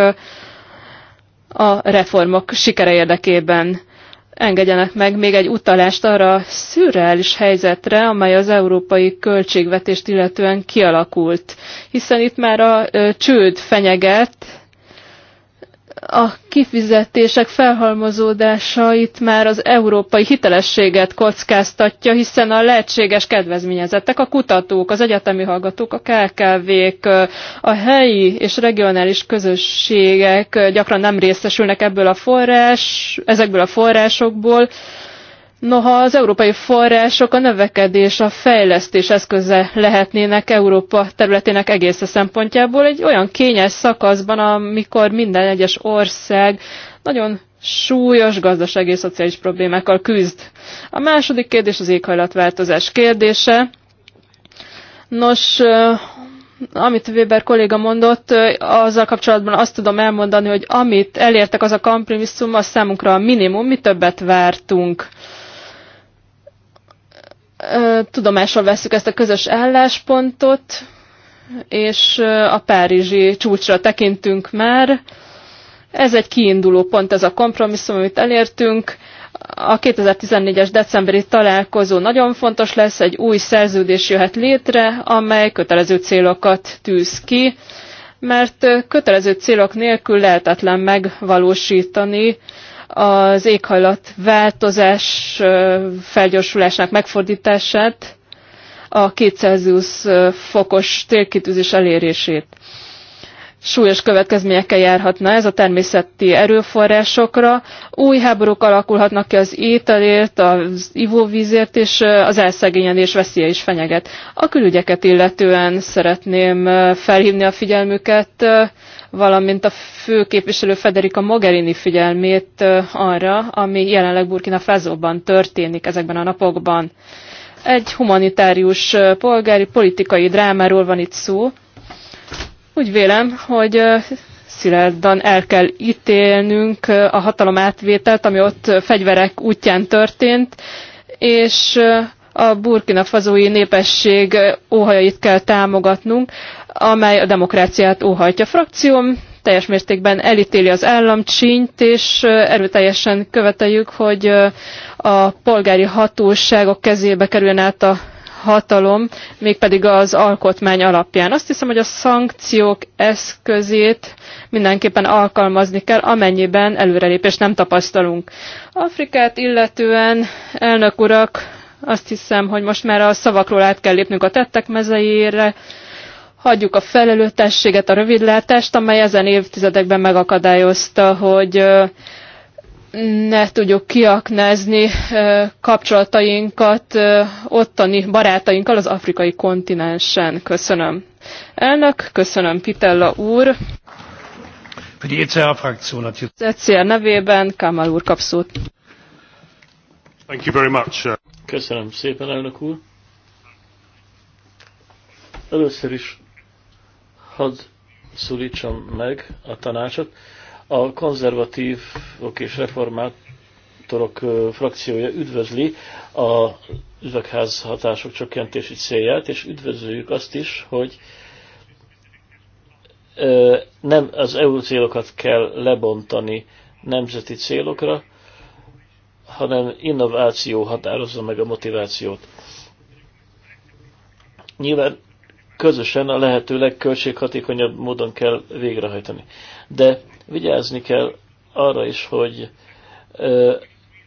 a reformok sikere érdekében engedjenek meg még egy utalást arra a szürreális helyzetre, amely az európai költségvetést illetően kialakult. Hiszen itt már a csőd fenyeget, a kifizetések felhalmozódása itt már az európai hitelességet kockáztatja, hiszen a lehetséges kedvezményezettek, a kutatók, az egyetemi hallgatók, a KKV-k, a helyi és regionális közösségek gyakran nem részesülnek ebből a forrás, ezekből a forrásokból, Noha az európai források a növekedés, a fejlesztés eszköze lehetnének Európa területének egész szempontjából, egy olyan kényes szakaszban, amikor minden egyes ország nagyon súlyos gazdasági és szociális problémákkal küzd. A második kérdés az éghajlatváltozás kérdése. Nos, amit Weber kolléga mondott, azzal kapcsolatban azt tudom elmondani, hogy amit elértek az a kompromisszum, az számunkra a minimum, mi többet vártunk tudomásról veszük ezt a közös álláspontot, és a párizsi csúcsra tekintünk már. Ez egy kiinduló pont, ez a kompromisszum, amit elértünk. A 2014-es decemberi találkozó nagyon fontos lesz, egy új szerződés jöhet létre, amely kötelező célokat tűz ki, mert kötelező célok nélkül lehetetlen megvalósítani az éghajlat változás felgyorsulásának megfordítását, a 2 fokos télkitűzés elérését. Súlyos következményekkel járhatna ez a természeti erőforrásokra. Új háborúk alakulhatnak ki az ételért, az ivóvízért, és az elszegényedés veszélye is fenyeget. A külügyeket illetően szeretném felhívni a figyelmüket valamint a főképviselő Federica Mogherini figyelmét arra, ami jelenleg Burkina Faso-ban történik ezekben a napokban. Egy humanitárius polgári politikai drámáról van itt szó. Úgy vélem, hogy szilárdan el kell ítélnünk a hatalom átvételt, ami ott fegyverek útján történt, és a burkina fazói népesség óhajait kell támogatnunk, amely a demokráciát óhajtja. Frakcióm teljes mértékben elítéli az államcsínyt, és erőteljesen követeljük, hogy a polgári hatóságok kezébe kerüljön át a hatalom, mégpedig az alkotmány alapján. Azt hiszem, hogy a szankciók eszközét mindenképpen alkalmazni kell, amennyiben előrelépést nem tapasztalunk. Afrikát illetően, elnök urak, azt hiszem, hogy most már a szavakról át kell lépnünk a tettek mezeire, hagyjuk a felelőtességet, a rövidlátást, amely ezen évtizedekben megakadályozta, hogy ne tudjuk kiaknázni kapcsolatainkat ottani barátainkkal az afrikai kontinensen. Köszönöm. Elnök, köszönöm Pitella úr. E az ECR nevében Kamal úr kap szót. Thank you very much. Uh, köszönöm szépen, elnök úr. Először is hadd szólítsam meg a tanácsot. A konzervatívok és reformátorok frakciója üdvözli a üvegház hatások csökkentési célját, és üdvözöljük azt is, hogy nem az EU célokat kell lebontani nemzeti célokra, hanem innováció határozza meg a motivációt. Nyilván közösen a lehető legköltséghatékonyabb módon kell végrehajtani. De vigyázni kell arra is, hogy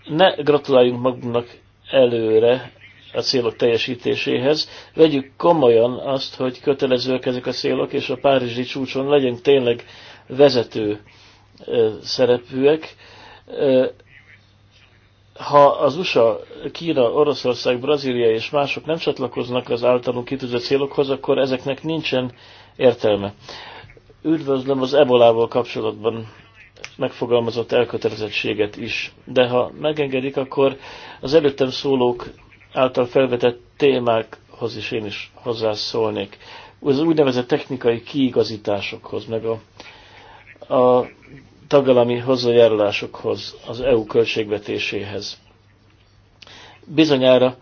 ne gratuláljunk magunknak előre a célok teljesítéséhez. Vegyük komolyan azt, hogy kötelezőek ezek a célok, és a Párizsi csúcson legyünk tényleg vezető szerepűek ha az USA, Kína, Oroszország, Brazília és mások nem csatlakoznak az általunk kitűzött célokhoz, akkor ezeknek nincsen értelme. Üdvözlöm az ebolával kapcsolatban megfogalmazott elkötelezettséget is, de ha megengedik, akkor az előttem szólók által felvetett témákhoz is én is hozzászólnék. Az úgynevezett technikai kiigazításokhoz, meg a, a tagalami hozzájárulásokhoz, az EU költségvetéséhez. Bizonyára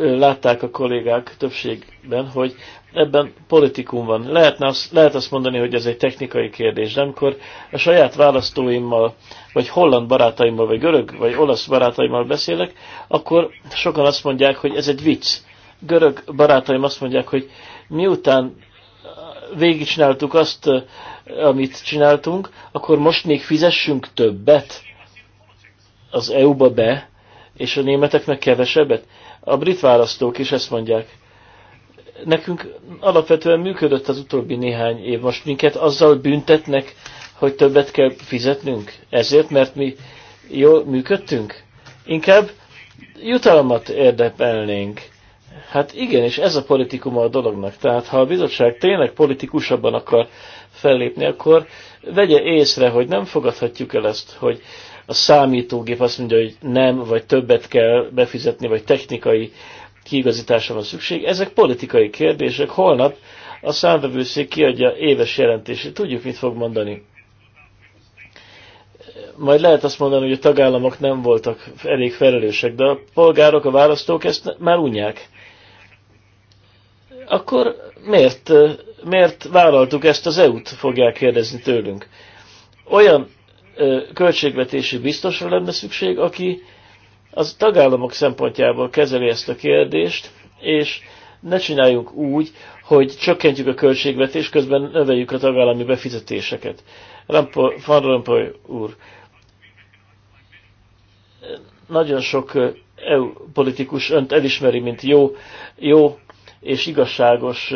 látták a kollégák többségben, hogy ebben politikum van. Lehetne azt, lehet azt mondani, hogy ez egy technikai kérdés, de amikor a saját választóimmal, vagy holland barátaimmal, vagy görög, vagy olasz barátaimmal beszélek, akkor sokan azt mondják, hogy ez egy vicc. Görög barátaim azt mondják, hogy miután végigcsináltuk azt, amit csináltunk, akkor most még fizessünk többet az EU-ba be, és a németeknek kevesebbet? A brit választók is ezt mondják. Nekünk alapvetően működött az utóbbi néhány év. Most minket azzal büntetnek, hogy többet kell fizetnünk? Ezért, mert mi jól működtünk? Inkább jutalmat érdepelnénk. Hát igen, és ez a politikuma a dolognak. Tehát ha a bizottság tényleg politikusabban akar fellépni, akkor vegye észre, hogy nem fogadhatjuk el ezt, hogy a számítógép azt mondja, hogy nem, vagy többet kell befizetni, vagy technikai kiigazításra van szükség. Ezek politikai kérdések. Holnap a számvevőszék kiadja éves jelentését. Tudjuk, mit fog mondani. Majd lehet azt mondani, hogy a tagállamok nem voltak elég felelősek, de a polgárok, a választók ezt már unják akkor miért, miért vállaltuk ezt az EU-t, fogják kérdezni tőlünk. Olyan költségvetési biztosra lenne szükség, aki az tagállamok szempontjából kezeli ezt a kérdést, és ne csináljuk úgy, hogy csökkentjük a költségvetés közben növeljük a tagállami befizetéseket. Rampo, Van Rompuy úr, nagyon sok EU politikus önt elismeri, mint jó, jó és igazságos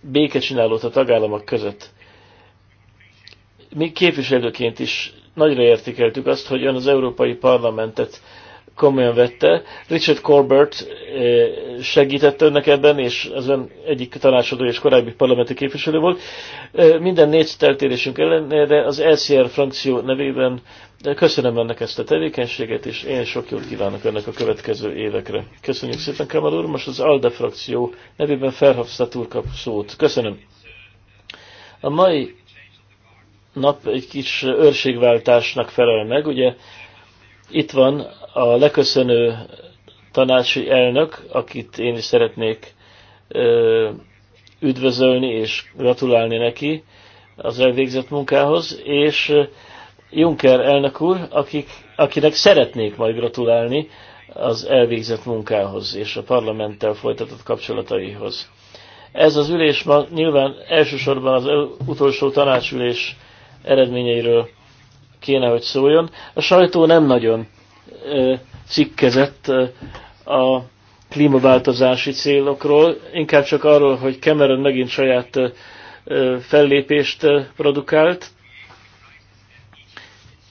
békecsinálót a tagállamok között. Mi képviselőként is nagyra értékeltük azt, hogy ön az Európai Parlamentet komolyan vette. Richard Corbett eh, segített önnek ebben, és ön egyik tanácsadó és korábbi parlamenti képviselő volt. Eh, minden négy eltérésünk ellenére az LCR frakció nevében köszönöm önnek ezt a tevékenységet, és én sok jót kívánok önnek a következő évekre. Köszönjük szépen, Kamal úr. Most az ALDE frakció nevében Ferhofstadt úr kap szót. Köszönöm. A mai nap egy kis őrségváltásnak felel meg, ugye itt van a leköszönő tanácsi elnök, akit én is szeretnék üdvözölni és gratulálni neki az elvégzett munkához, és Juncker elnök úr, akik, akinek szeretnék majd gratulálni az elvégzett munkához és a parlamenttel folytatott kapcsolataihoz. Ez az ülés ma nyilván elsősorban az utolsó tanácsülés eredményeiről kéne, hogy szóljon. A sajtó nem nagyon cikkezett a klímaváltozási célokról, inkább csak arról, hogy Cameron megint saját fellépést produkált,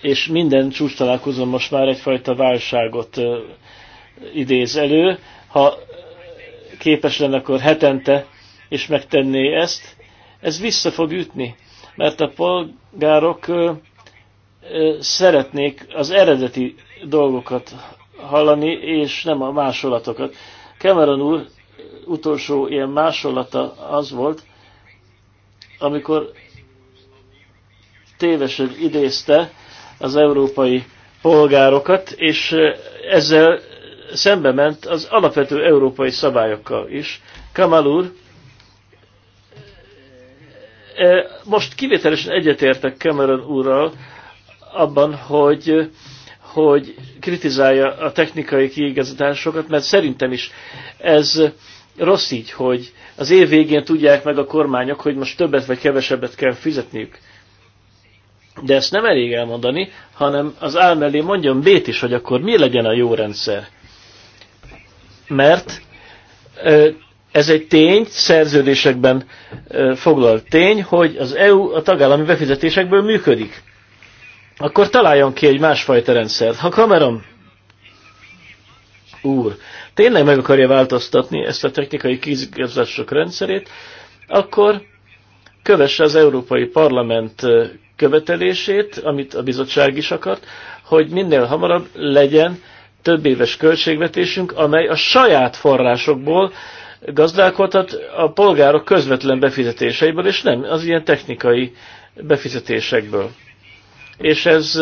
és minden csúcs találkozón most már egyfajta válságot idéz elő. Ha képes lenne, akkor hetente és megtenné ezt, ez vissza fog ütni, mert a polgárok szeretnék az eredeti dolgokat hallani, és nem a másolatokat. Cameron úr utolsó ilyen másolata az volt, amikor tévesen idézte az európai polgárokat, és ezzel szembe ment az alapvető európai szabályokkal is. Kamal úr, most kivételesen egyetértek Cameron úrral abban, hogy hogy kritizálja a technikai kiigazításokat, mert szerintem is ez rossz így, hogy az év végén tudják meg a kormányok, hogy most többet vagy kevesebbet kell fizetniük. De ezt nem elég elmondani, hanem az álmellé mondjon Bét is, hogy akkor mi legyen a jó rendszer. Mert ez egy tény, szerződésekben foglalt tény, hogy az EU a tagállami befizetésekből működik akkor találjon ki egy másfajta rendszert. Ha kamerom, úr tényleg meg akarja változtatni ezt a technikai kizgazdaságok rendszerét, akkor kövesse az Európai Parlament követelését, amit a bizottság is akart, hogy minél hamarabb legyen több éves költségvetésünk, amely a saját forrásokból gazdálkodhat a polgárok közvetlen befizetéseiből, és nem az ilyen technikai befizetésekből és ez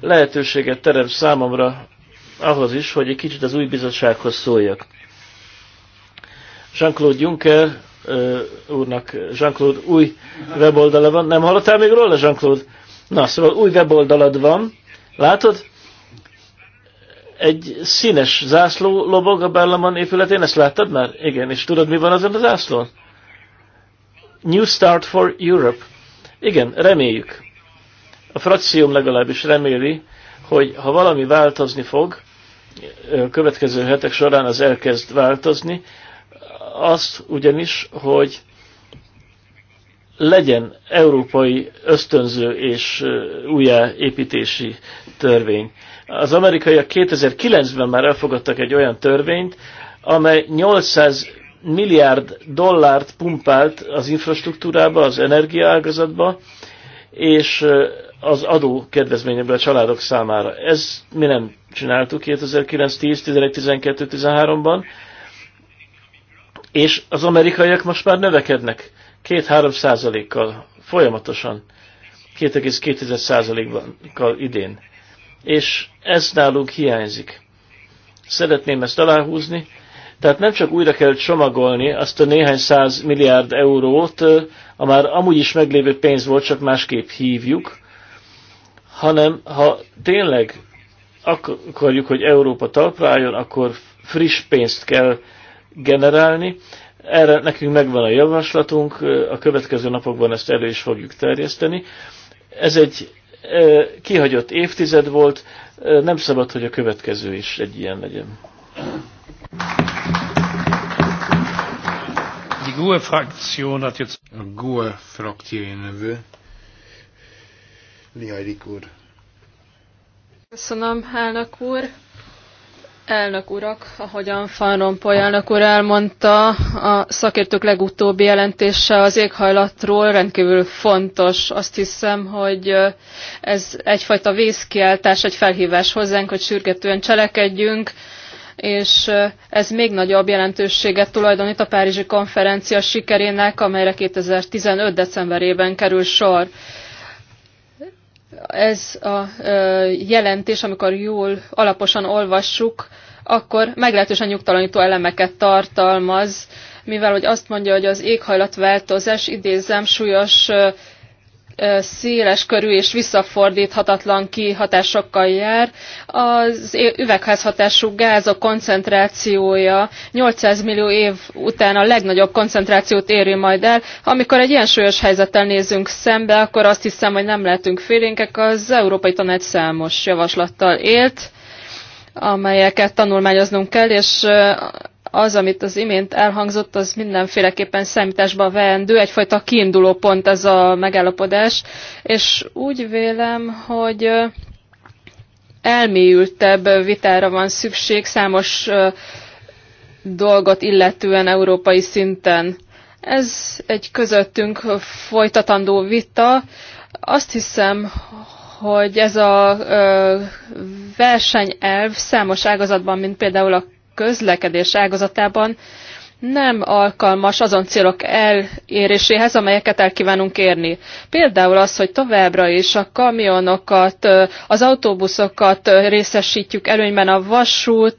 lehetőséget terem számomra ahhoz is, hogy egy kicsit az új bizottsághoz szóljak. Jean-Claude Juncker úrnak, Jean-Claude új weboldala van. Nem hallottál még róla, Jean-Claude? Na, szóval új weboldalad van. Látod? Egy színes zászló lobog a Bellaman épületén, ezt láttad már? Igen, és tudod, mi van azon a zászlón? New Start for Europe. Igen, reméljük a frakcióm legalábbis reméli, hogy ha valami változni fog, a következő hetek során az elkezd változni, azt ugyanis, hogy legyen európai ösztönző és újjáépítési törvény. Az amerikaiak 2009-ben már elfogadtak egy olyan törvényt, amely 800 milliárd dollárt pumpált az infrastruktúrába, az energiaágazatba, és az adó kedvezményekből a családok számára. Ez mi nem csináltuk 2009, 10, 11, 12, 13-ban, és az amerikaiak most már növekednek 2-3 százalékkal folyamatosan, 2,2 százalékkal idén. És ez nálunk hiányzik. Szeretném ezt aláhúzni, tehát nem csak újra kell csomagolni azt a néhány száz milliárd eurót, a már amúgy is meglévő pénz volt, csak másképp hívjuk, hanem ha tényleg akarjuk, hogy Európa talpra álljon, akkor friss pénzt kell generálni. Erre nekünk megvan a javaslatunk, a következő napokban ezt elő is fogjuk terjeszteni. Ez egy kihagyott évtized volt, nem szabad, hogy a következő is egy ilyen legyen. Die GUE-Fraktion hat jetzt... GUE-Fraktion Lihajrik úr. Köszönöm, elnök úr. Elnök urak, ahogyan Van pajának elnök úr elmondta, a szakértők legutóbbi jelentése az éghajlatról rendkívül fontos. Azt hiszem, hogy ez egyfajta vészkiáltás, egy felhívás hozzánk, hogy sürgetően cselekedjünk, és ez még nagyobb jelentőséget tulajdonít a Párizsi konferencia sikerének, amelyre 2015. decemberében kerül sor ez a jelentés, amikor jól alaposan olvassuk, akkor meglehetősen nyugtalanító elemeket tartalmaz, mivel hogy azt mondja, hogy az éghajlatváltozás idézem súlyos széles körű és visszafordíthatatlan kihatásokkal jár. Az üvegházhatású gázok koncentrációja 800 millió év után a legnagyobb koncentrációt éri majd el. Amikor egy ilyen súlyos helyzettel nézünk szembe, akkor azt hiszem, hogy nem lehetünk félénkek. Az Európai Tanács számos javaslattal élt amelyeket tanulmányoznunk kell, és az, amit az imént elhangzott, az mindenféleképpen számításba veendő, egyfajta kiinduló pont ez a megállapodás, és úgy vélem, hogy elmélyültebb vitára van szükség számos dolgot illetően európai szinten. Ez egy közöttünk folytatandó vita. Azt hiszem, hogy ez a versenyelv számos ágazatban, mint például a közlekedés ágazatában nem alkalmas azon célok eléréséhez, amelyeket el kívánunk érni. Például az, hogy továbbra is a kamionokat, az autóbuszokat részesítjük előnyben a vasút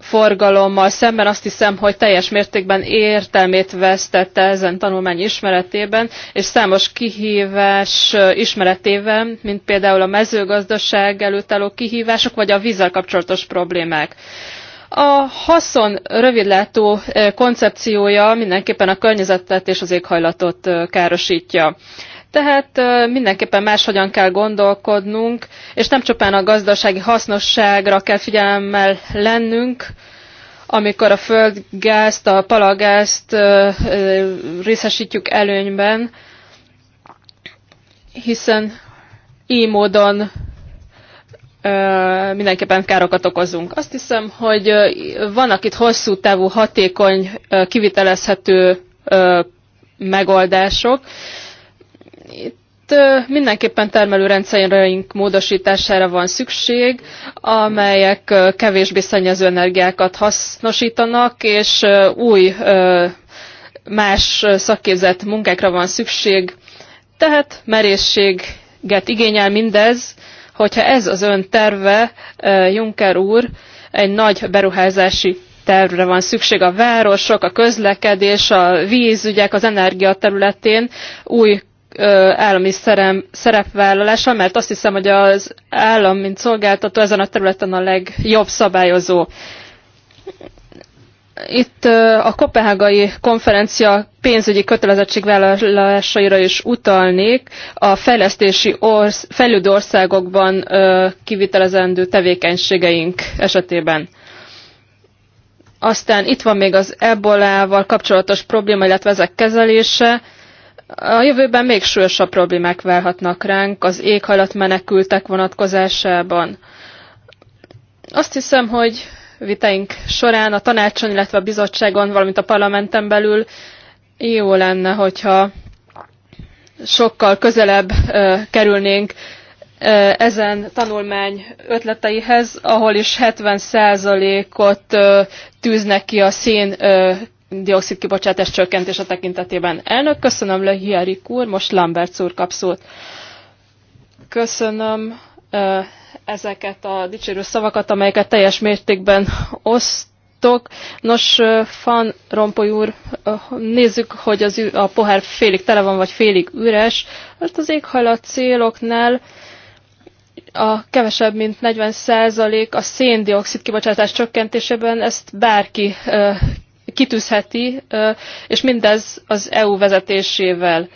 forgalommal szemben, azt hiszem, hogy teljes mértékben értelmét vesztette ezen tanulmány ismeretében, és számos kihívás ismeretében, mint például a mezőgazdaság előtt álló kihívások, vagy a vízzel kapcsolatos problémák. A haszon rövidlátó eh, koncepciója mindenképpen a környezetet és az éghajlatot eh, károsítja. Tehát eh, mindenképpen máshogyan kell gondolkodnunk, és nem csupán a gazdasági hasznosságra kell figyelemmel lennünk, amikor a földgázt, a palagázt részesítjük előnyben, hiszen így módon mindenképpen károkat okozunk. Azt hiszem, hogy vannak itt hosszú távú, hatékony, kivitelezhető megoldások. Itt itt mindenképpen termelőrendszereink módosítására van szükség, amelyek kevésbé szennyező energiákat hasznosítanak, és új más szakképzett munkákra van szükség. Tehát merészséget igényel mindez, Hogyha ez az ön terve, Juncker úr, egy nagy beruházási tervre van szükség a városok, a közlekedés, a vízügyek, az energia területén új állami szerepvállalása, mert azt hiszem, hogy az állam, mint szolgáltató ezen a területen a legjobb szabályozó. Itt a kopenhágai konferencia pénzügyi kötelezettségvállalásaira is utalnék a fejlesztési orsz, fejlődő országokban kivitelezendő tevékenységeink esetében. Aztán itt van még az ebolával kapcsolatos probléma, illetve ezek kezelése. A jövőben még súlyosabb problémák várhatnak ránk az éghajlat menekültek vonatkozásában. Azt hiszem, hogy vitáink során a tanácson, illetve a bizottságon, valamint a parlamenten belül jó lenne, hogyha sokkal közelebb kerülnénk ezen tanulmány ötleteihez, ahol is 70%-ot tűznek ki a szén dioxid kibocsátás csökkentése tekintetében. Elnök, köszönöm le Hiarik úr, most Lambert úr kap szót. Köszönöm ezeket a dicsérő szavakat, amelyeket teljes mértékben osztok. Nos, Fan Rompoly úr, nézzük, hogy az, a pohár félig tele van, vagy félig üres. Hát az éghajlat céloknál a kevesebb, mint 40% a széndiokszid kibocsátás csökkentésében ezt bárki kitűzheti, és mindez az EU vezetésével.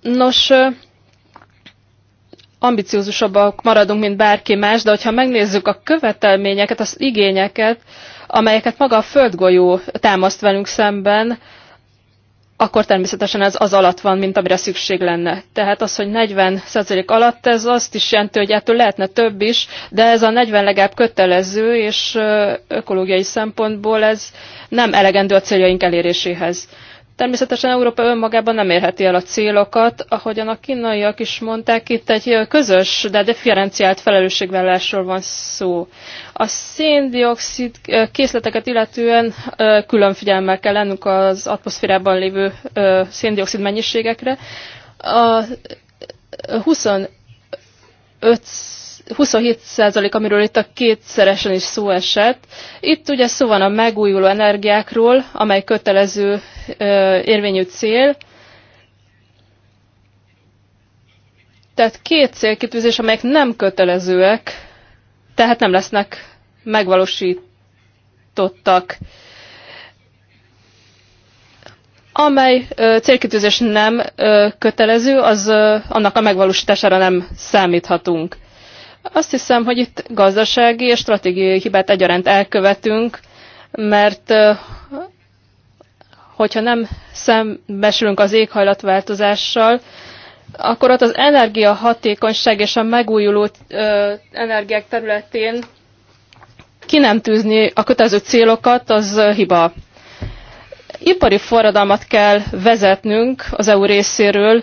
Nos, ambiciózusabbak maradunk, mint bárki más, de hogyha megnézzük a követelményeket, az igényeket, amelyeket maga a földgolyó támaszt velünk szemben, akkor természetesen ez az alatt van, mint amire szükség lenne. Tehát az, hogy 40% alatt, ez azt is jelenti, hogy ettől lehetne több is, de ez a 40 legalább kötelező, és ökológiai szempontból ez nem elegendő a céljaink eléréséhez. Természetesen Európa önmagában nem érheti el a célokat, ahogyan a kínaiak is mondták, itt egy közös, de differenciált felelősségvállásról van szó. A széndiokszid készleteket illetően külön figyelmel kell lennünk az atmoszférában lévő széndiokszid mennyiségekre. A 25 27% amiről itt a kétszeresen is szó esett. Itt ugye szó van a megújuló energiákról, amely kötelező érvényű cél. Tehát két célkitűzés, amelyek nem kötelezőek, tehát nem lesznek megvalósítottak amely célkitűzés nem kötelező, az annak a megvalósítására nem számíthatunk. Azt hiszem, hogy itt gazdasági és stratégiai hibát egyaránt elkövetünk, mert hogyha nem szembesülünk az éghajlatváltozással, akkor ott az energiahatékonyság és a megújuló ö, energiák területén ki nem tűzni a kötelező célokat, az hiba. Ipari forradalmat kell vezetnünk az EU részéről,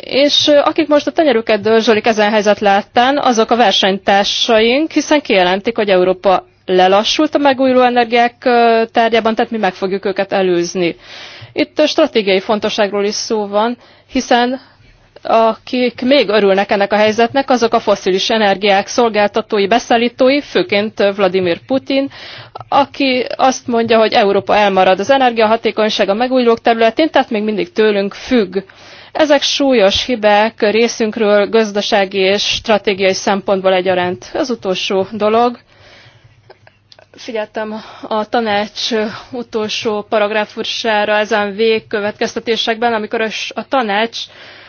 és akik most a tenyerüket dörzsölik ezen helyzet láttán, azok a versenytársaink, hiszen kijelentik, hogy Európa lelassult a megújuló energiák tárgyában, tehát mi meg fogjuk őket előzni. Itt stratégiai fontosságról is szó van, hiszen akik még örülnek ennek a helyzetnek, azok a foszilis energiák szolgáltatói, beszállítói, főként Vladimir Putin, aki azt mondja, hogy Európa elmarad az energiahatékonyság a megújulók területén, tehát még mindig tőlünk függ. Ezek súlyos hibák részünkről gazdasági és stratégiai szempontból egyaránt. Az utolsó dolog, figyeltem a tanács utolsó paragráfusára ezen végkövetkeztetésekben, amikor a tanács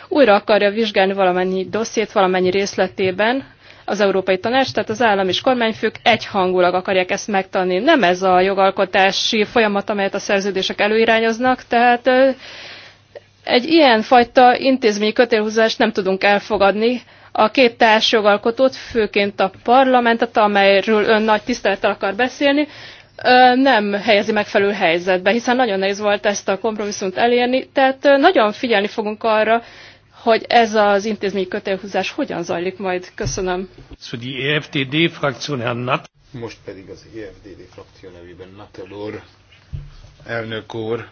újra akarja vizsgálni valamennyi dossziét, valamennyi részletében, az Európai Tanács, tehát az állam és kormányfők egyhangulag akarják ezt megtanni. Nem ez a jogalkotási folyamat, amelyet a szerződések előirányoznak, tehát egy ilyen fajta intézményi kötélhúzást nem tudunk elfogadni. A két társjogalkotót, főként a parlamentet, amelyről ön nagy tisztelettel akar beszélni, nem helyezi megfelelő helyzetbe, hiszen nagyon nehéz volt ezt a kompromisszumot elérni, tehát nagyon figyelni fogunk arra, hogy ez az intézményi kötélhúzás hogyan zajlik majd. Köszönöm. E Most pedig az EFDD frakció nevében Natalor, elnök úr,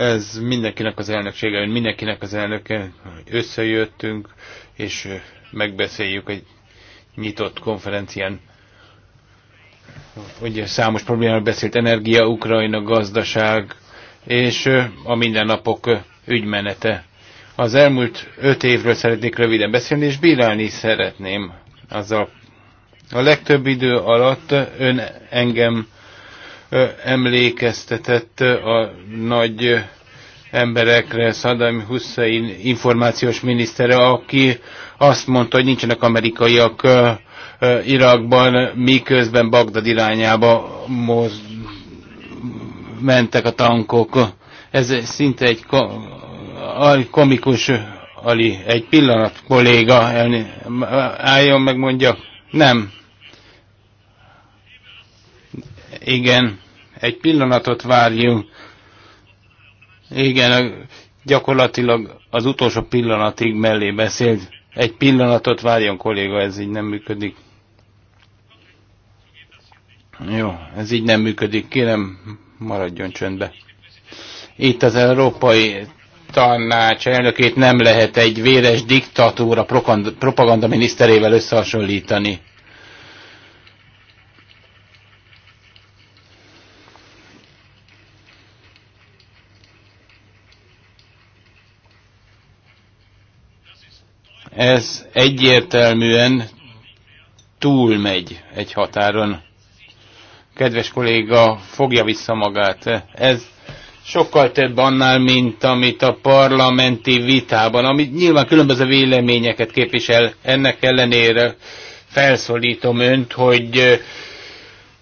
ez mindenkinek az elnöksége, mindenkinek az elnöke. Összejöttünk, és megbeszéljük egy nyitott konferencián. Ugye számos problémáról beszélt energia, Ukrajna, gazdaság, és a mindennapok ügymenete. Az elmúlt öt évről szeretnék röviden beszélni, és bírálni szeretném a, A legtöbb idő alatt ön engem emlékeztetett a nagy emberekre, Saddam Hussein információs minisztere, aki azt mondta, hogy nincsenek amerikaiak Irakban, miközben Bagdad irányába moz... mentek a tankok. Ez szinte egy komikus Ali, egy pillanat, kolléga, álljon meg mondja, nem, igen, egy pillanatot várjunk. Igen, gyakorlatilag az utolsó pillanatig mellé beszélt. Egy pillanatot várjon, kolléga, ez így nem működik. Jó, ez így nem működik, kérem, maradjon csöndbe. Itt az Európai Tanács elnökét nem lehet egy véres diktatúra propaganda miniszterével összehasonlítani. Ez egyértelműen túlmegy egy határon. Kedves kolléga, fogja vissza magát. Ez sokkal több annál, mint amit a parlamenti vitában, amit nyilván különböző véleményeket képvisel. Ennek ellenére felszólítom önt, hogy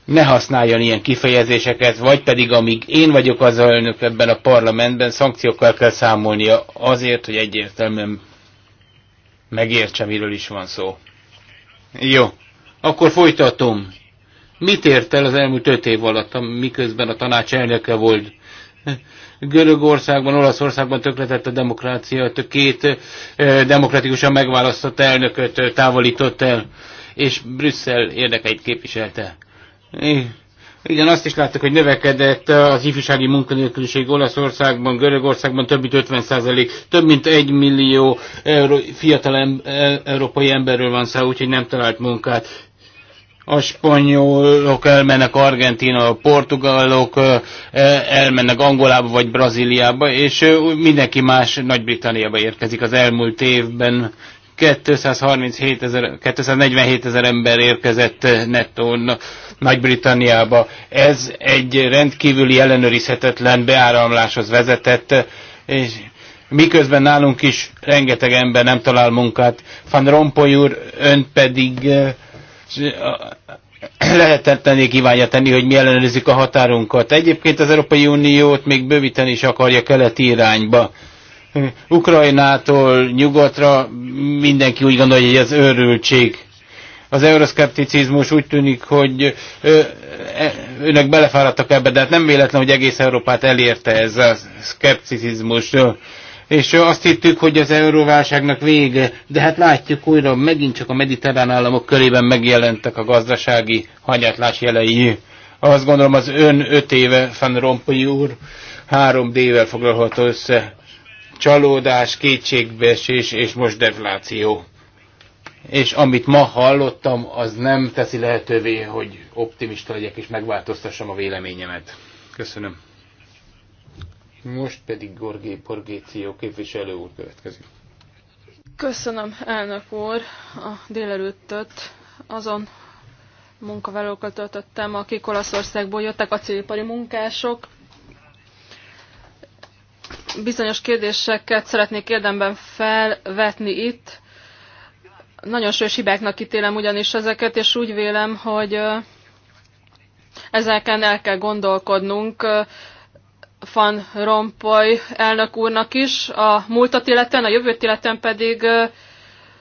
ne használjon ilyen kifejezéseket, vagy pedig amíg én vagyok az elnök ebben a parlamentben, szankciókkal kell számolnia azért, hogy egyértelműen megértse, miről is van szó. Jó, akkor folytatom. Mit ért el az elmúlt öt év alatt, miközben a tanács elnöke volt? Görögországban, Olaszországban tökletett a demokrácia, a két demokratikusan megválasztott elnököt távolított el, és Brüsszel érdekeit képviselte. Igen, azt is láttuk, hogy növekedett az ifjúsági munkanélküliség Olaszországban, Görögországban több mint 50 százalék, több mint 1 millió euró, fiatal em, e, európai emberről van szó, úgyhogy nem talált munkát. A spanyolok elmennek Argentina, a portugálok e, e, elmennek Angolába vagy Brazíliába, és mindenki más Nagy-Britanniába érkezik az elmúlt évben 237 247 ezer ember érkezett nettón Nagy-Britanniába. Ez egy rendkívüli ellenőrizhetetlen beáramláshoz vezetett, és miközben nálunk is rengeteg ember nem talál munkát. Van Rompuy úr, ön pedig lehetetlené kívánja tenni, hogy mi ellenőrizzük a határunkat. Egyébként az Európai Uniót még bővíteni is akarja keleti irányba Hm. Ukrajnától nyugatra mindenki úgy gondolja, hogy ez őrültség. Az euroszkepticizmus úgy tűnik, hogy e, önök belefáradtak ebbe, de hát nem véletlen, hogy egész Európát elérte ez a szkepticizmus. És azt hittük, hogy az euróválságnak vége, de hát látjuk újra, megint csak a mediterrán államok körében megjelentek a gazdasági hanyatlás jelei. Azt gondolom az ön öt éve, Van Rompuy úr, három D-vel foglalható össze csalódás, kétségbeesés és most defláció. És amit ma hallottam, az nem teszi lehetővé, hogy optimista legyek és megváltoztassam a véleményemet. Köszönöm. Most pedig Gorgé Porgéció képviselő úr következik. Köszönöm, elnök úr, a délelőttöt azon munkavállalókat töltöttem, akik Olaszországból jöttek, célipari munkások, Bizonyos kérdéseket szeretnék érdemben felvetni itt. Nagyon sős hibáknak ítélem ugyanis ezeket, és úgy vélem, hogy ezeken el kell gondolkodnunk. Van Rompoy elnök úrnak is, a múltat illetően, a jövőt illetően pedig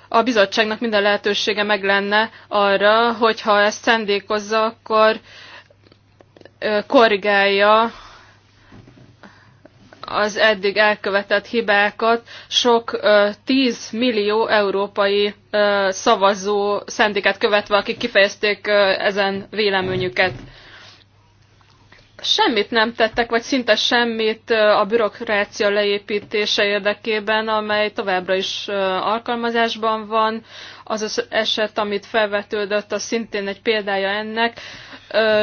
a bizottságnak minden lehetősége meg lenne arra, hogyha ezt szendékozza, akkor korrigálja az eddig elkövetett hibákat sok ö, 10 millió európai ö, szavazó szendikát követve, akik kifejezték ö, ezen véleményüket. Semmit nem tettek, vagy szinte semmit a bürokrácia leépítése érdekében, amely továbbra is alkalmazásban van. Az az eset, amit felvetődött, az szintén egy példája ennek.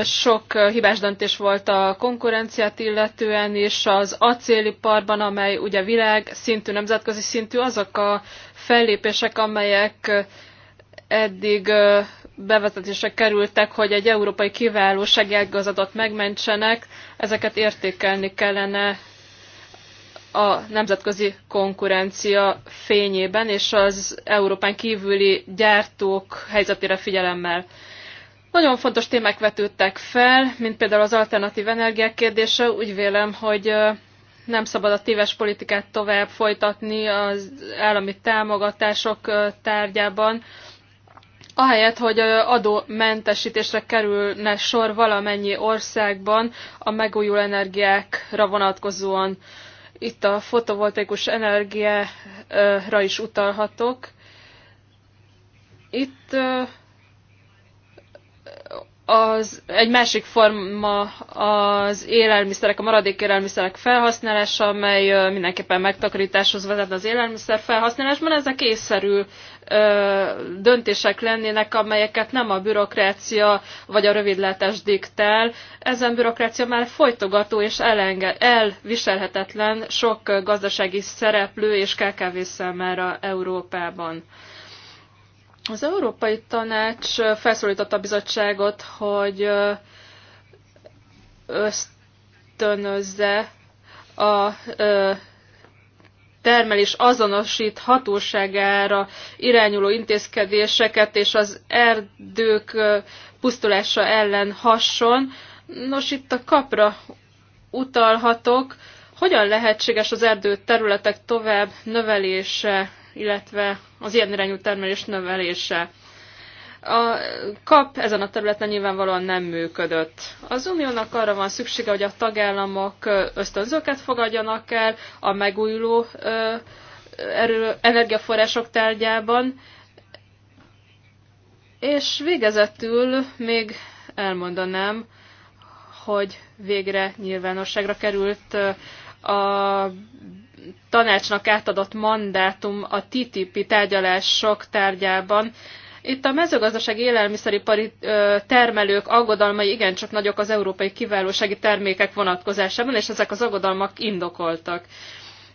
Sok hibás döntés volt a konkurenciát illetően, és az acéliparban, amely ugye világ szintű, nemzetközi szintű, azok a fellépések, amelyek eddig bevezetésre kerültek, hogy egy európai kiváló ágazatot megmentsenek, ezeket értékelni kellene a nemzetközi konkurencia fényében és az Európán kívüli gyártók helyzetére figyelemmel. Nagyon fontos témák vetődtek fel, mint például az alternatív energiák kérdése. Úgy vélem, hogy nem szabad a téves politikát tovább folytatni az állami támogatások tárgyában. Ahelyett, hogy adómentesítésre kerülne sor valamennyi országban a megújuló energiákra vonatkozóan. Itt a fotovoltaikus energiára is utalhatok. Itt az, egy másik forma az élelmiszerek, a maradék élelmiszerek felhasználása, amely mindenképpen megtakarításhoz vezet az élelmiszer felhasználásban. Ezek észszerű döntések lennének, amelyeket nem a bürokrácia vagy a rövidlátás diktál. Ezen bürokrácia már folytogató és elenge, elviselhetetlen sok gazdasági szereplő és KKV számára Európában. Az Európai Tanács felszólította a bizottságot, hogy ösztönözze a termelés azonosít hatóságára irányuló intézkedéseket és az erdők pusztulása ellen hasson. Nos, itt a kapra utalhatok. Hogyan lehetséges az erdő területek tovább növelése illetve az ilyen irányú termelés növelése. A kap ezen a területen nyilvánvalóan nem működött. Az uniónak arra van szüksége, hogy a tagállamok ösztönzőket fogadjanak el a megújuló erő, energiaforrások tárgyában, és végezetül még elmondanám, hogy végre nyilvánosságra került a tanácsnak átadott mandátum a TTIP tárgyalások tárgyában. Itt a mezőgazdaság élelmiszeripari termelők aggodalmai igencsak nagyok az európai kiválósági termékek vonatkozásában, és ezek az aggodalmak indokoltak.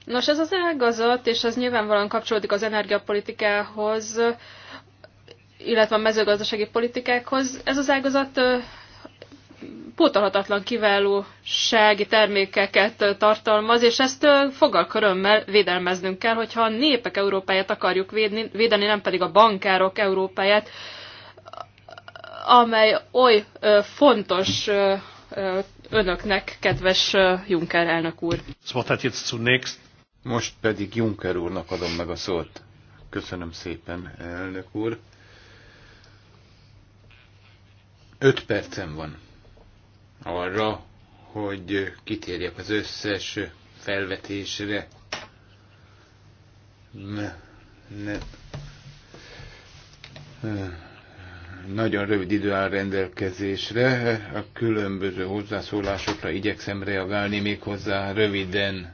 Nos, ez az ágazat, és ez nyilvánvalóan kapcsolódik az energiapolitikához, illetve a mezőgazdasági politikákhoz. Ez az ágazat pótolhatatlan kiválósági termékeket tartalmaz, és ezt fogalkörömmel védelmeznünk kell, hogyha a népek Európáját akarjuk védni, védeni, nem pedig a bankárok Európáját, amely oly fontos önöknek, kedves Juncker elnök úr. Most pedig Juncker úrnak adom meg a szót. Köszönöm szépen, elnök úr. Öt percem van arra, hogy kitérjek az összes felvetésre. Ne, ne. Nagyon rövid idő áll rendelkezésre, a különböző hozzászólásokra igyekszem reagálni még hozzá röviden.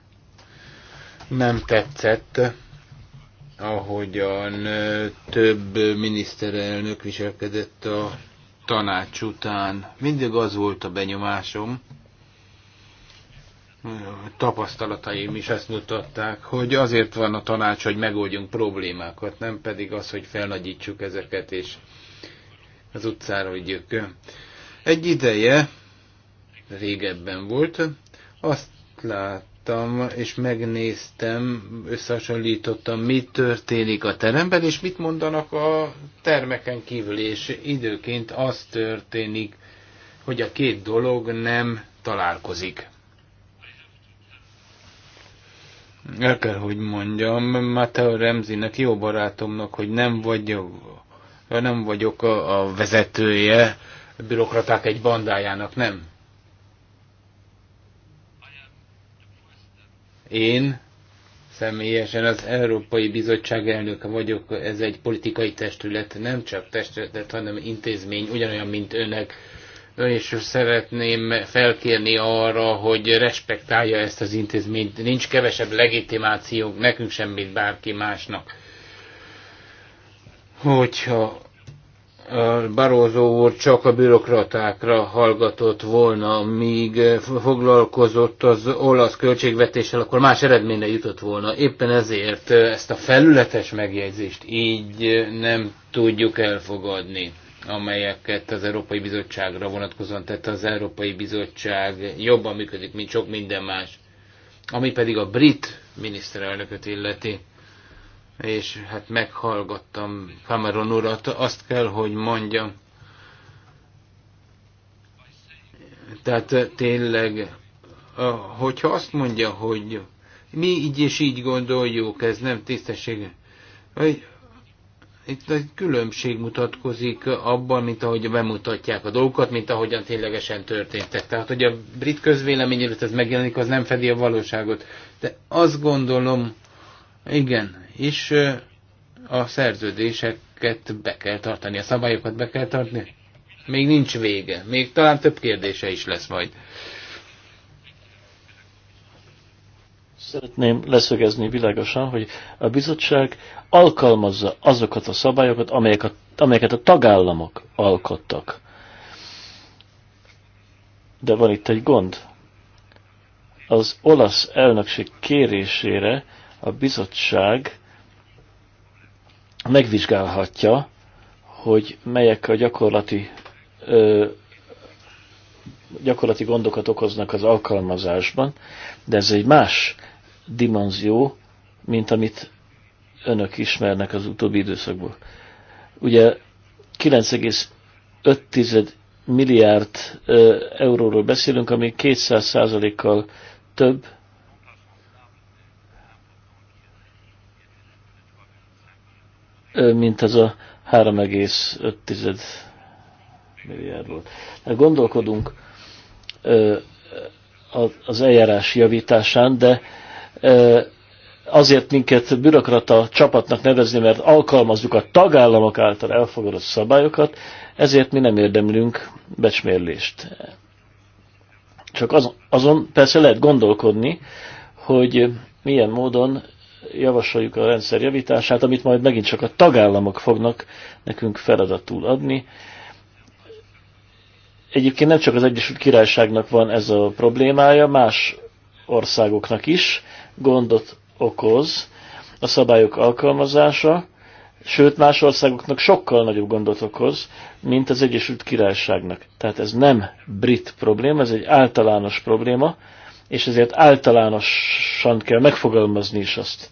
Nem tetszett, ahogyan több miniszterelnök viselkedett a tanács után mindig az volt a benyomásom, tapasztalataim is ezt mutatták, hogy azért van a tanács, hogy megoldjunk problémákat, nem pedig az, hogy felnagyítsuk ezeket, és az utcára vigyük. Egy ideje, régebben volt, azt lát, láttam, és megnéztem, összehasonlítottam, mi történik a teremben, és mit mondanak a termeken kívül, és időként az történik, hogy a két dolog nem találkozik. El kell, hogy mondjam, Mateo Remzinek, jó barátomnak, hogy nem vagyok, nem vagyok a, a vezetője, a bürokraták egy bandájának, nem Én személyesen az Európai Bizottság elnöke vagyok, ez egy politikai testület, nem csak testület, hanem intézmény, ugyanolyan, mint önök. Ön És szeretném felkérni arra, hogy respektálja ezt az intézményt. Nincs kevesebb legitimációk nekünk sem, mint bárki másnak. Hogyha Barózó úr csak a bürokratákra hallgatott volna, míg foglalkozott az olasz költségvetéssel, akkor más eredményre jutott volna. Éppen ezért ezt a felületes megjegyzést így nem tudjuk elfogadni amelyeket az Európai Bizottságra vonatkozóan tett az Európai Bizottság jobban működik, mint sok minden más. Ami pedig a brit miniszterelnököt illeti és hát meghallgattam Cameron urat, azt kell, hogy mondjam. Tehát tényleg, hogyha azt mondja, hogy mi így és így gondoljuk, ez nem tisztesség, vagy itt egy különbség mutatkozik abban, mint ahogy bemutatják a dolgokat, mint ahogyan ténylegesen történtek. Tehát, hogy a brit közvélemény előtt ez megjelenik, az nem fedi a valóságot. De azt gondolom, igen, is a szerződéseket be kell tartani, a szabályokat be kell tartani. Még nincs vége, még talán több kérdése is lesz majd. Szeretném leszögezni világosan, hogy a bizottság alkalmazza azokat a szabályokat, amelyek a, amelyeket a tagállamok alkottak. De van itt egy gond. Az olasz elnökség kérésére a bizottság megvizsgálhatja, hogy melyek a gyakorlati ö, gyakorlati gondokat okoznak az alkalmazásban, de ez egy más dimenzió, mint amit önök ismernek az utóbbi időszakból. Ugye 9,5 milliárd euróról beszélünk, ami 200%-kal több, mint ez a 3,5 milliárd volt. De gondolkodunk az eljárás javításán, de azért minket bürokrata csapatnak nevezni, mert alkalmazzuk a tagállamok által elfogadott szabályokat, ezért mi nem érdemlünk becsmérlést. Csak azon, azon persze lehet gondolkodni, hogy milyen módon javasoljuk a rendszer javítását, amit majd megint csak a tagállamok fognak nekünk feladatul adni. Egyébként nem csak az Egyesült Királyságnak van ez a problémája, más országoknak is gondot okoz a szabályok alkalmazása, sőt más országoknak sokkal nagyobb gondot okoz, mint az Egyesült Királyságnak. Tehát ez nem brit probléma, ez egy általános probléma, és ezért általánosan kell megfogalmazni is azt.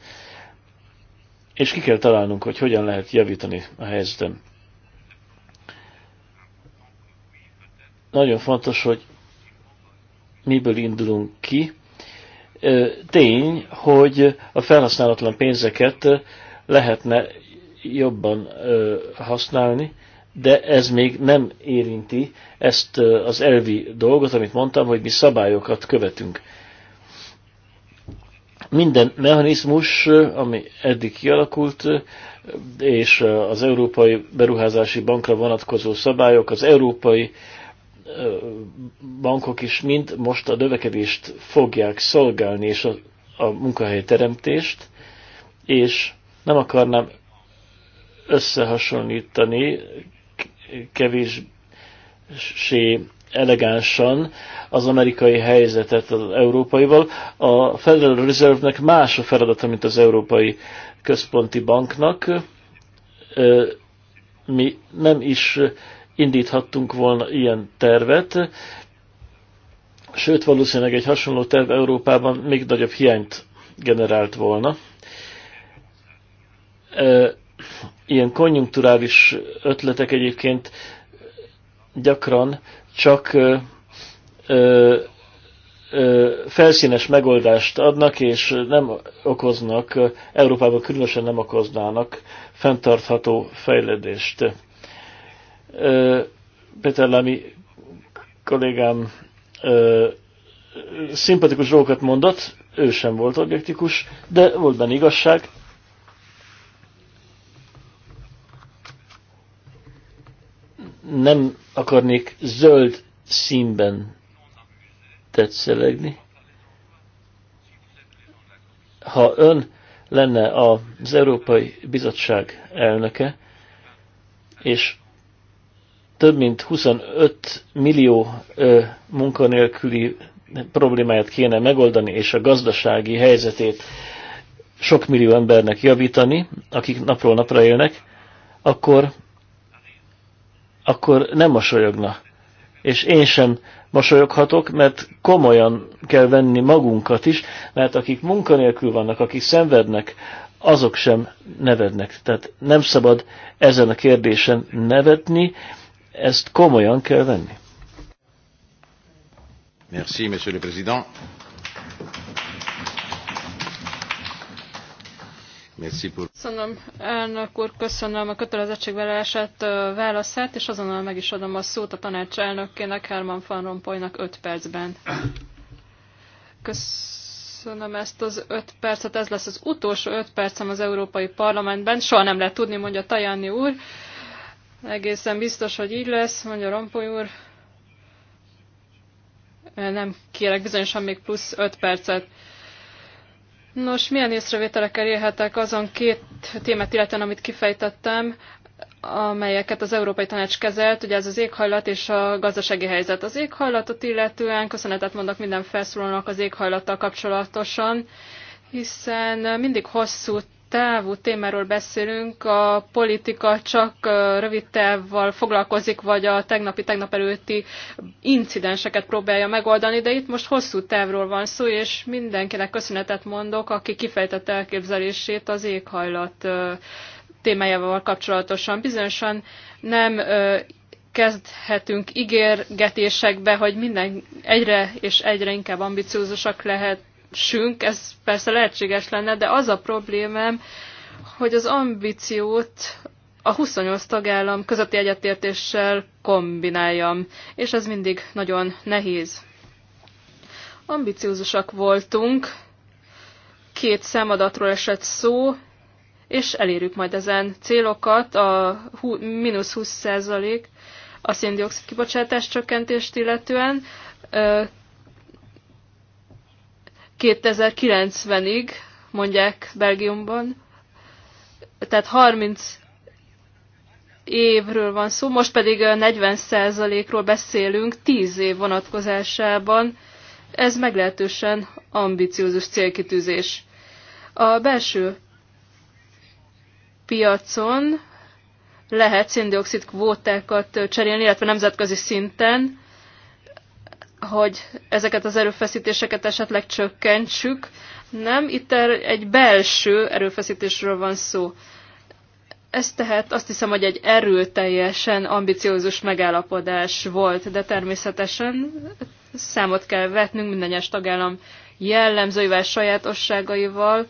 És ki kell találnunk, hogy hogyan lehet javítani a helyzetem. Nagyon fontos, hogy miből indulunk ki. Tény, hogy a felhasználatlan pénzeket lehetne jobban használni, de ez még nem érinti ezt az elvi dolgot, amit mondtam, hogy mi szabályokat követünk. Minden mechanizmus, ami eddig kialakult, és az Európai Beruházási Bankra vonatkozó szabályok, az európai bankok is mind most a növekedést fogják szolgálni, és a, a teremtést, és nem akarnám összehasonlítani kevéssé elegánsan az amerikai helyzetet az európaival. A Federal Reserve-nek más a feladata, mint az Európai Központi Banknak. Mi nem is indíthattunk volna ilyen tervet, sőt valószínűleg egy hasonló terv Európában még nagyobb hiányt generált volna ilyen konjunkturális ötletek egyébként gyakran csak ö, ö, ö, felszínes megoldást adnak, és nem okoznak, Európában különösen nem okoznának fenntartható fejledést. Ö, Péter Lámi kollégám ö, szimpatikus dolgokat mondott, ő sem volt objektikus, de volt benne igazság, nem akarnék zöld színben tetszelegni. Ha ön lenne az Európai Bizottság elnöke, és több mint 25 millió ö, munkanélküli problémáját kéne megoldani, és a gazdasági helyzetét sok millió embernek javítani, akik napról napra élnek, akkor akkor nem mosolyogna. És én sem mosolyoghatok, mert komolyan kell venni magunkat is, mert akik munkanélkül vannak, akik szenvednek, azok sem nevednek. Tehát nem szabad ezen a kérdésen nevetni, ezt komolyan kell venni. Merci, monsieur le président. Köszönöm, elnök úr, köszönöm a kötelezettségvállalását, válaszát, és azonnal meg is adom a szót a tanács elnökének, Herman van Rompuynak 5 percben. Köszönöm ezt az 5 percet, ez lesz az utolsó 5 percem az Európai Parlamentben, soha nem lehet tudni, mondja Tajani úr. Egészen biztos, hogy így lesz, mondja Rompuy úr. Nem kérek bizonyosan még plusz 5 percet. Nos, milyen észrevételekkel élhetek azon két témát illetően, amit kifejtettem, amelyeket az Európai Tanács kezelt, ugye ez az éghajlat és a gazdasági helyzet. Az éghajlatot illetően köszönetet mondok minden felszólónak az éghajlattal kapcsolatosan, hiszen mindig hosszú távú témáról beszélünk, a politika csak rövid távval foglalkozik, vagy a tegnapi-tegnap előtti incidenseket próbálja megoldani, de itt most hosszú távról van szó, és mindenkinek köszönetet mondok, aki kifejtette elképzelését az éghajlat témájával kapcsolatosan. Bizonyosan nem kezdhetünk ígérgetésekbe, hogy minden egyre és egyre inkább ambiciózusak lehet, sünk, ez persze lehetséges lenne, de az a problémám, hogy az ambíciót a 28 tagállam közötti egyetértéssel kombináljam, és ez mindig nagyon nehéz. Ambiciózusak voltunk, két számadatról esett szó, és elérjük majd ezen célokat, a mínusz 20 százalék a széndiokszid kibocsátás csökkentést illetően, 2090-ig, mondják Belgiumban. Tehát 30 évről van szó, most pedig 40%-ról beszélünk 10 év vonatkozásában. Ez meglehetősen ambiciózus célkitűzés. A belső piacon lehet széndiokszid kvótákat cserélni, illetve nemzetközi szinten, hogy ezeket az erőfeszítéseket esetleg csökkentsük. Nem, itt er, egy belső erőfeszítésről van szó. Ez tehát azt hiszem, hogy egy erőteljesen ambiciózus megállapodás volt, de természetesen számot kell vetnünk minden egyes tagállam jellemzőivel, sajátosságaival.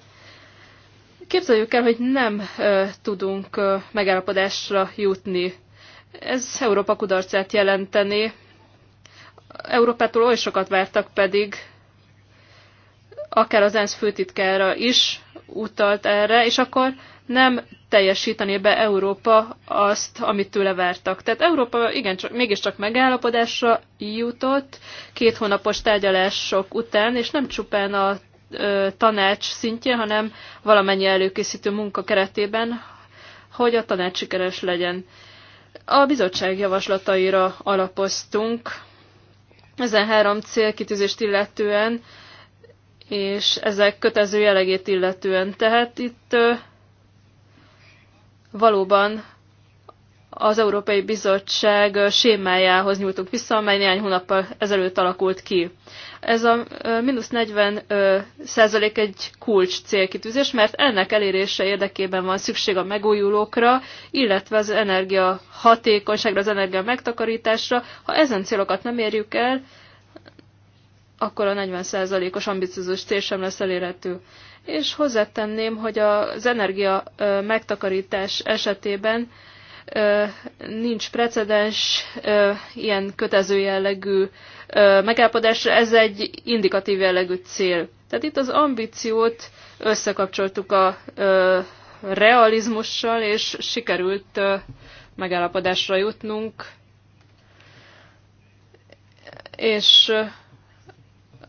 Képzeljük el, hogy nem ö, tudunk ö, megállapodásra jutni. Ez Európa kudarcát jelenteni, Európától oly sokat vártak pedig, akár az ENSZ főtitkára is utalt erre, és akkor nem teljesítené be Európa azt, amit tőle vártak. Tehát Európa igen, csak, mégiscsak megállapodásra jutott két hónapos tárgyalások után, és nem csupán a ö, tanács szintjén, hanem valamennyi előkészítő munka keretében, hogy a tanács sikeres legyen. A bizottság javaslataira alapoztunk, ezen három célkitűzést illetően, és ezek kötező jellegét illetően. Tehát itt valóban az Európai Bizottság sémájához nyújtunk vissza, amely néhány hónappal ezelőtt alakult ki. Ez a mínusz 40 százalék egy kulcs célkitűzés, mert ennek elérése érdekében van szükség a megújulókra, illetve az energia hatékonyságra, az energia megtakarításra. Ha ezen célokat nem érjük el, akkor a 40 százalékos ambiciózus cél sem lesz elérhető és hozzátenném, hogy az energia megtakarítás esetében nincs precedens ilyen kötező jellegű megállapodásra, ez egy indikatív jellegű cél. Tehát itt az ambíciót összekapcsoltuk a realizmussal, és sikerült megállapodásra jutnunk, és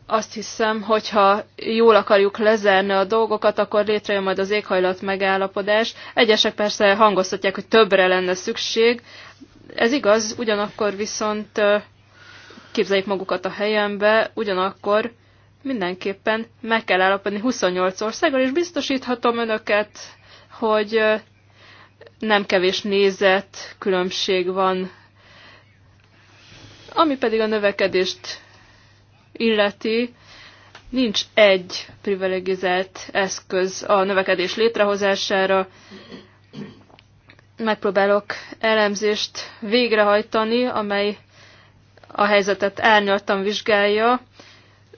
azt hiszem, hogyha jól akarjuk lezárni a dolgokat, akkor létrejön majd az éghajlat megállapodás. Egyesek persze hangoztatják, hogy többre lenne szükség. Ez igaz, ugyanakkor viszont képzeljék magukat a helyembe, ugyanakkor mindenképpen meg kell állapodni 28 országgal, és biztosíthatom önöket, hogy nem kevés nézet különbség van ami pedig a növekedést illeti, nincs egy privilegizált eszköz a növekedés létrehozására. Megpróbálok elemzést végrehajtani, amely a helyzetet árnyaltan vizsgálja.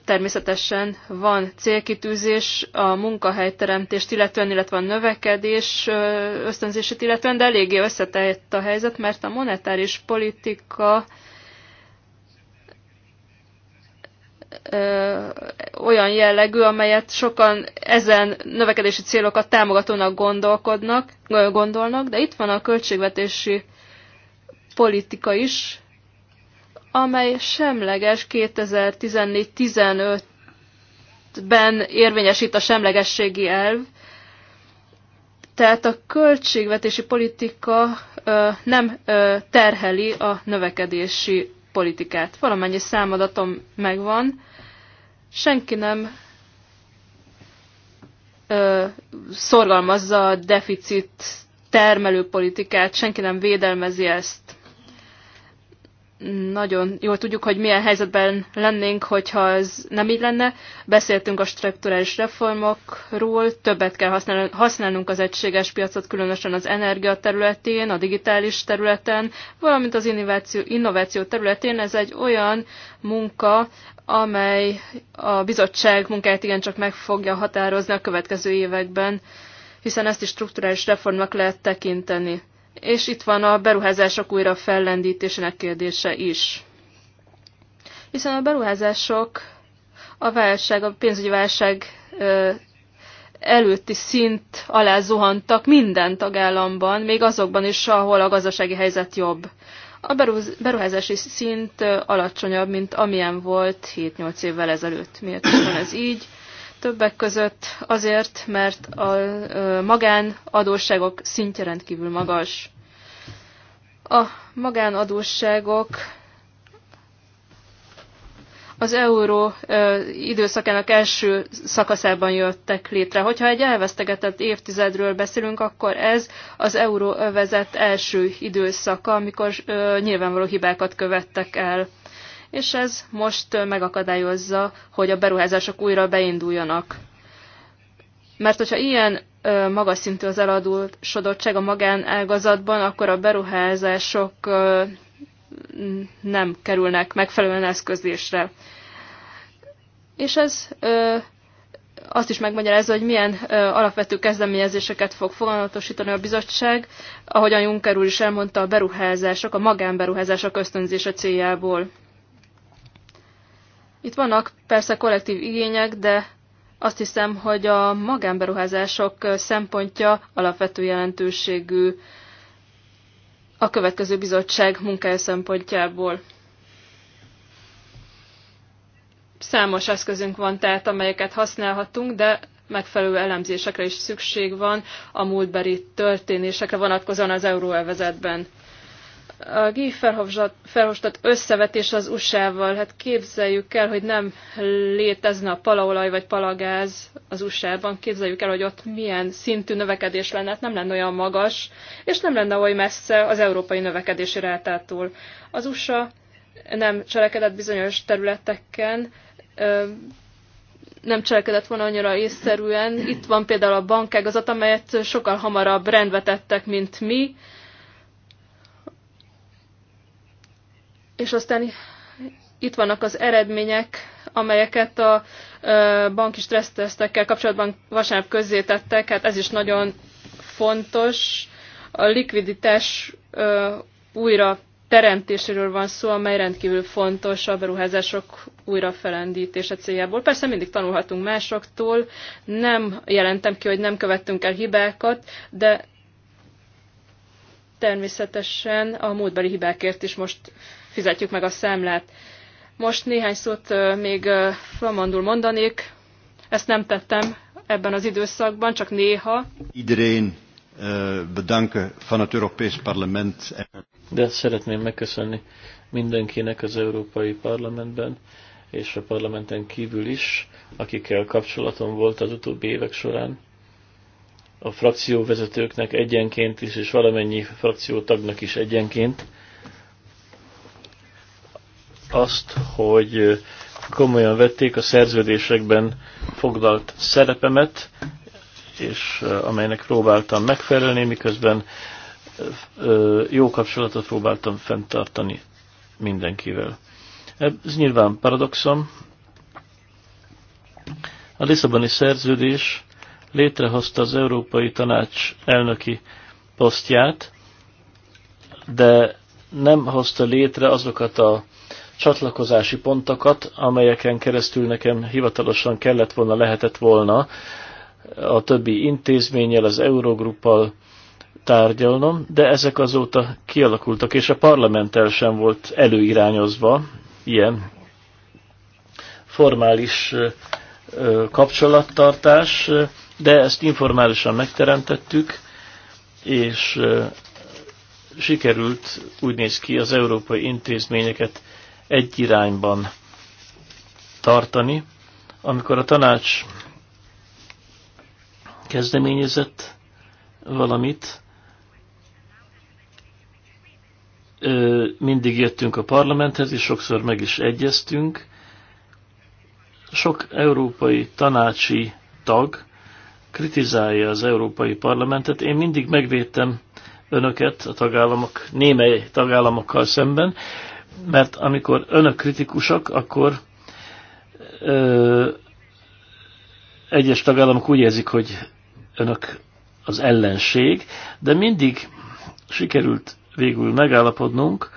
Természetesen van célkitűzés a munkahelyteremtést illetően, illetve a növekedés ösztönzését illetően, de eléggé összetett a helyzet, mert a monetáris politika ö, olyan jellegű, amelyet sokan ezen növekedési célokat támogatónak gondolkodnak, gondolnak, de itt van a költségvetési politika is, amely semleges 2014-15-ben érvényesít a semlegességi elv, tehát a költségvetési politika ö, nem ö, terheli a növekedési politikát. Valamennyi számadatom megvan. Senki nem ö, szorgalmazza a deficit termelő politikát, senki nem védelmezi ezt nagyon jól tudjuk, hogy milyen helyzetben lennénk, hogyha ez nem így lenne. Beszéltünk a strukturális reformokról, többet kell használnunk az egységes piacot, különösen az energia területén, a digitális területen, valamint az innováció, innováció területén. Ez egy olyan munka, amely a bizottság munkáját igencsak meg fogja határozni a következő években, hiszen ezt is strukturális reformnak lehet tekinteni és itt van a beruházások újra fellendítésének kérdése is. Hiszen a beruházások a válság, a pénzügyi válság előtti szint alá zuhantak minden tagállamban, még azokban is, ahol a gazdasági helyzet jobb. A beruházási szint alacsonyabb, mint amilyen volt 7-8 évvel ezelőtt. Miért van ez így? Többek között azért, mert a magánadósságok szintje rendkívül magas. A magánadósságok az euró időszakának első szakaszában jöttek létre. Hogyha egy elvesztegetett évtizedről beszélünk, akkor ez az euróövezet első időszaka, amikor nyilvánvaló hibákat követtek el és ez most megakadályozza, hogy a beruházások újra beinduljanak. Mert hogyha ilyen magas szintű az eladósodottság a magánágazatban, akkor a beruházások nem kerülnek megfelelően eszközésre. És ez azt is megmagyarázza, hogy milyen ö, alapvető kezdeményezéseket fog foganatosítani a bizottság, ahogyan Juncker úr is elmondta, a beruházások, a magánberuházások ösztönzése céljából. Itt vannak persze kollektív igények, de azt hiszem, hogy a magánberuházások szempontja alapvető jelentőségű a következő bizottság munkája szempontjából. Számos eszközünk van tehát, amelyeket használhatunk, de megfelelő elemzésekre is szükség van a múltbeli történésekre vonatkozóan az euróelvezetben a Guy Verhofstadt összevetés az USA-val, hát képzeljük el, hogy nem létezne a palaolaj vagy palagáz az USA-ban, képzeljük el, hogy ott milyen szintű növekedés lenne, hát nem lenne olyan magas, és nem lenne oly messze az európai növekedési rátától. Az USA nem cselekedett bizonyos területeken, nem cselekedett volna annyira észszerűen. Itt van például a bankágazat, amelyet sokkal hamarabb rendbe tettek, mint mi, És aztán itt vannak az eredmények, amelyeket a banki stressztesztekkel kapcsolatban vasárnap közzétettek, hát ez is nagyon fontos. A likviditás újra teremtéséről van szó, amely rendkívül fontos a beruházások újrafelendítése céljából. Persze mindig tanulhatunk másoktól, nem jelentem ki, hogy nem követtünk el hibákat, de természetesen a múltbeli hibákért is most fizetjük meg a számlát. Most néhány szót még flamandul mondanék. Ezt nem tettem ebben az időszakban, csak néha. Idrén bedanken van az Európai Parlament. De szeretném megköszönni mindenkinek az Európai Parlamentben és a parlamenten kívül is, akikkel kapcsolatom volt az utóbbi évek során. A frakcióvezetőknek egyenként is, és valamennyi frakció tagnak is egyenként azt, hogy komolyan vették a szerződésekben foglalt szerepemet, és amelynek próbáltam megfelelni, miközben jó kapcsolatot próbáltam fenntartani mindenkivel. Ez nyilván paradoxom. A Lisszaboni szerződés létrehozta az Európai Tanács elnöki posztját, de nem hozta létre azokat a csatlakozási pontokat, amelyeken keresztül nekem hivatalosan kellett volna, lehetett volna a többi intézménnyel, az Eurogruppal tárgyalnom, de ezek azóta kialakultak, és a parlamenttel sem volt előirányozva ilyen formális kapcsolattartás, de ezt informálisan megteremtettük, és sikerült, úgy néz ki, az európai intézményeket egy irányban tartani. Amikor a tanács kezdeményezett valamit, mindig jöttünk a parlamenthez, és sokszor meg is egyeztünk. Sok európai tanácsi tag kritizálja az európai parlamentet. Én mindig megvédtem önöket a tagállamok, némely tagállamokkal szemben, mert amikor önök kritikusak, akkor ö, egyes tagállamok úgy érzik, hogy önök az ellenség, de mindig sikerült végül megállapodnunk,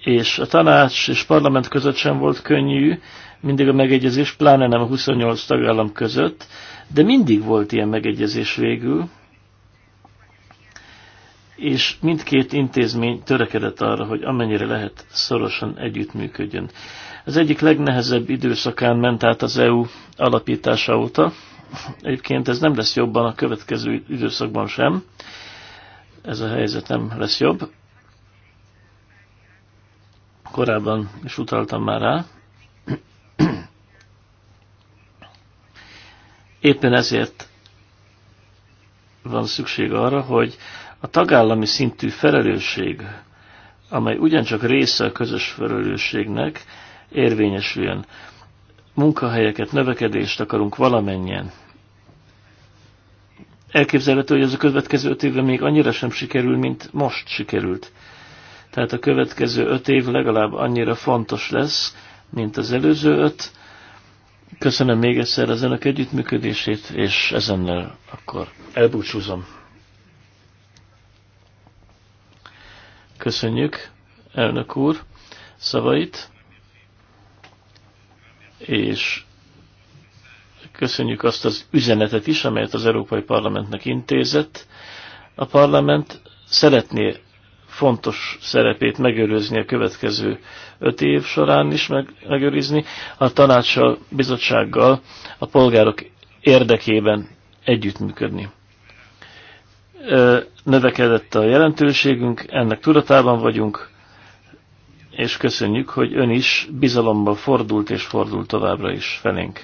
és a tanács és parlament között sem volt könnyű, mindig a megegyezés, pláne nem a 28 tagállam között, de mindig volt ilyen megegyezés végül, és mindkét intézmény törekedett arra, hogy amennyire lehet szorosan együttműködjön. Az egyik legnehezebb időszakán ment át az EU alapítása óta. Egyébként ez nem lesz jobban a következő időszakban sem. Ez a helyzet nem lesz jobb. Korábban is utaltam már rá. Éppen ezért van szükség arra, hogy a tagállami szintű felelősség, amely ugyancsak része a közös felelősségnek, érvényesüljön. Munkahelyeket, növekedést akarunk valamennyien. Elképzelhető, hogy ez a következő öt évben még annyira sem sikerül, mint most sikerült. Tehát a következő öt év legalább annyira fontos lesz, mint az előző öt. Köszönöm még egyszer az önök együttműködését, és ezennel akkor elbúcsúzom. Köszönjük, elnök úr, szavait, és köszönjük azt az üzenetet is, amelyet az Európai Parlamentnek intézett. A parlament szeretné fontos szerepét megőrizni a következő öt év során is meg, megőrizni, a tanácssal, bizottsággal a polgárok érdekében együttműködni növekedett a jelentőségünk, ennek tudatában vagyunk, és köszönjük, hogy ön is bizalommal fordult és fordult továbbra is felénk.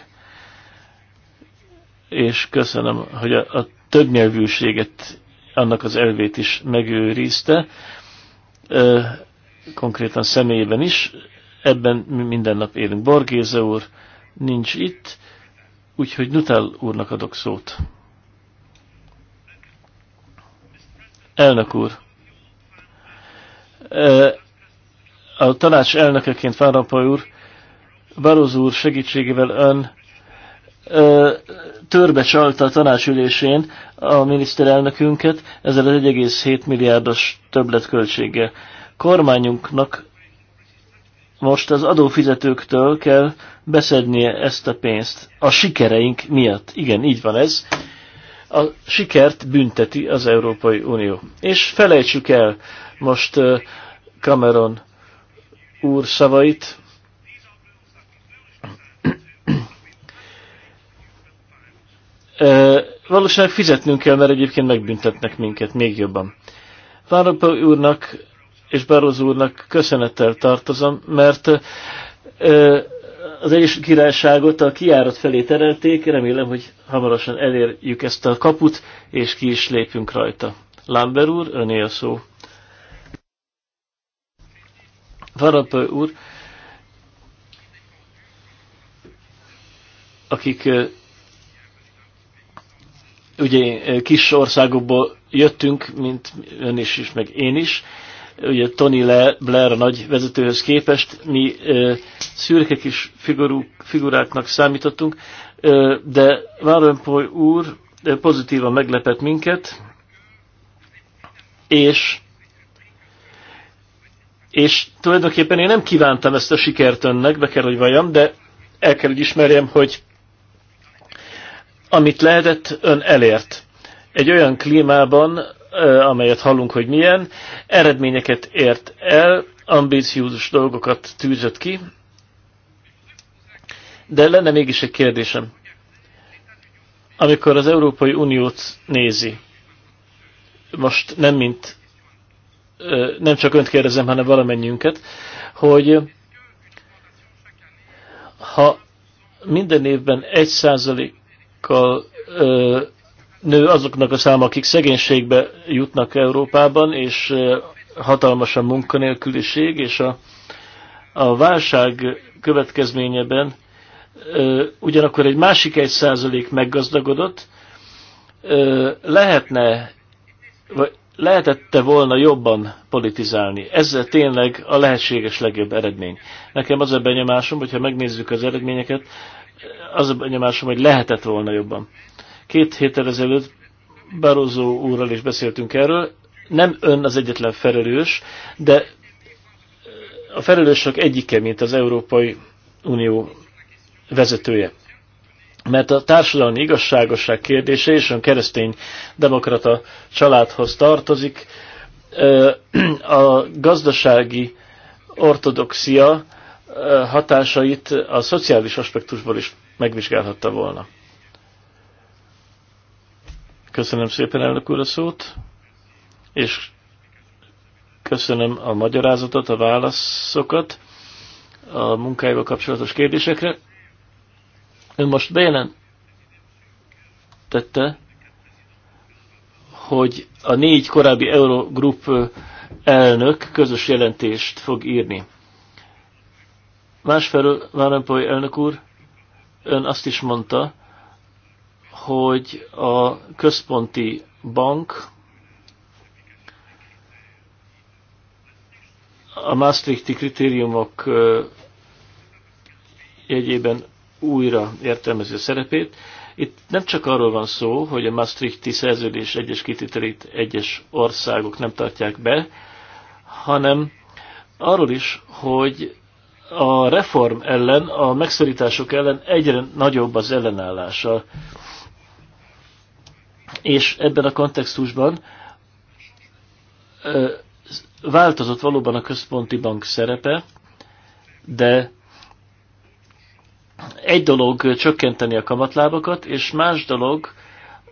És köszönöm, hogy a, a többnyelvűséget, annak az elvét is megőrizte, ö, konkrétan személyében is. Ebben mi minden nap élünk. Borgéze úr nincs itt, úgyhogy Nutel úrnak adok szót. Elnök úr, a tanács elnökeként Fárapai úr, Barozó úr segítségével ön törbe csalta a tanácsülésén a miniszterelnökünket ezzel az 1,7 milliárdos többletköltséggel. Kormányunknak most az adófizetőktől kell beszednie ezt a pénzt. A sikereink miatt. Igen, így van ez a sikert bünteti az Európai Unió. És felejtsük el most Cameron úr szavait. Valószínűleg fizetnünk kell, mert egyébként megbüntetnek minket még jobban. Várópa úrnak és Barroz úrnak köszönettel tartozom, mert az egész Királyságot a kiárat felé terelték, remélem, hogy hamarosan elérjük ezt a kaput, és ki is lépünk rajta. Lamber úr, öné a szó. Varapő úr, akik ugye kis országokból jöttünk, mint ön is, is meg én is, ugye Tony Blair a nagy vezetőhöz képest mi szürke kis figurú, figuráknak számítottunk, de Váronpoly úr pozitívan meglepett minket, és és tulajdonképpen én nem kívántam ezt a sikert önnek, be kell, hogy valljam, de el kell, hogy ismerjem, hogy amit lehetett, ön elért. Egy olyan klímában, amelyet hallunk, hogy milyen, eredményeket ért el, ambíciózus dolgokat tűzött ki, de lenne mégis egy kérdésem. Amikor az Európai Uniót nézi, most nem mint, nem csak önt kérdezem, hanem valamennyiünket, hogy ha minden évben egy százalékkal nő azoknak a száma, akik szegénységbe jutnak Európában, és eh, hatalmas a munkanélküliség, és a, a válság következményeben eh, ugyanakkor egy másik egy százalék meggazdagodott, eh, lehetne, vagy lehetette volna jobban politizálni. Ez tényleg a lehetséges legjobb eredmény. Nekem az a benyomásom, hogyha megnézzük az eredményeket, az a benyomásom, hogy lehetett volna jobban. Két héttel ezelőtt Barozó úrral is beszéltünk erről. Nem ön az egyetlen felelős, de a felelősök egyike, mint az Európai Unió vezetője. Mert a társadalmi igazságosság kérdése és ön keresztény demokrata családhoz tartozik. A gazdasági ortodoxia hatásait a szociális aspektusból is megvizsgálhatta volna. Köszönöm szépen elnök úr a szót, és köszönöm a magyarázatot, a válaszokat a munkájával kapcsolatos kérdésekre. Ön most bejelentette, hogy a négy korábbi Eurogroup elnök közös jelentést fog írni. Másfelől Várampoly elnök úr, ön azt is mondta, hogy a központi bank a Maastrichti kritériumok jegyében újra értelmezi a szerepét. Itt nem csak arról van szó, hogy a Maastrichti szerződés egyes kitételét egyes országok nem tartják be, hanem arról is, hogy a reform ellen, a megszorítások ellen egyre nagyobb az ellenállása és ebben a kontextusban változott valóban a központi bank szerepe, de egy dolog csökkenteni a kamatlábakat, és más dolog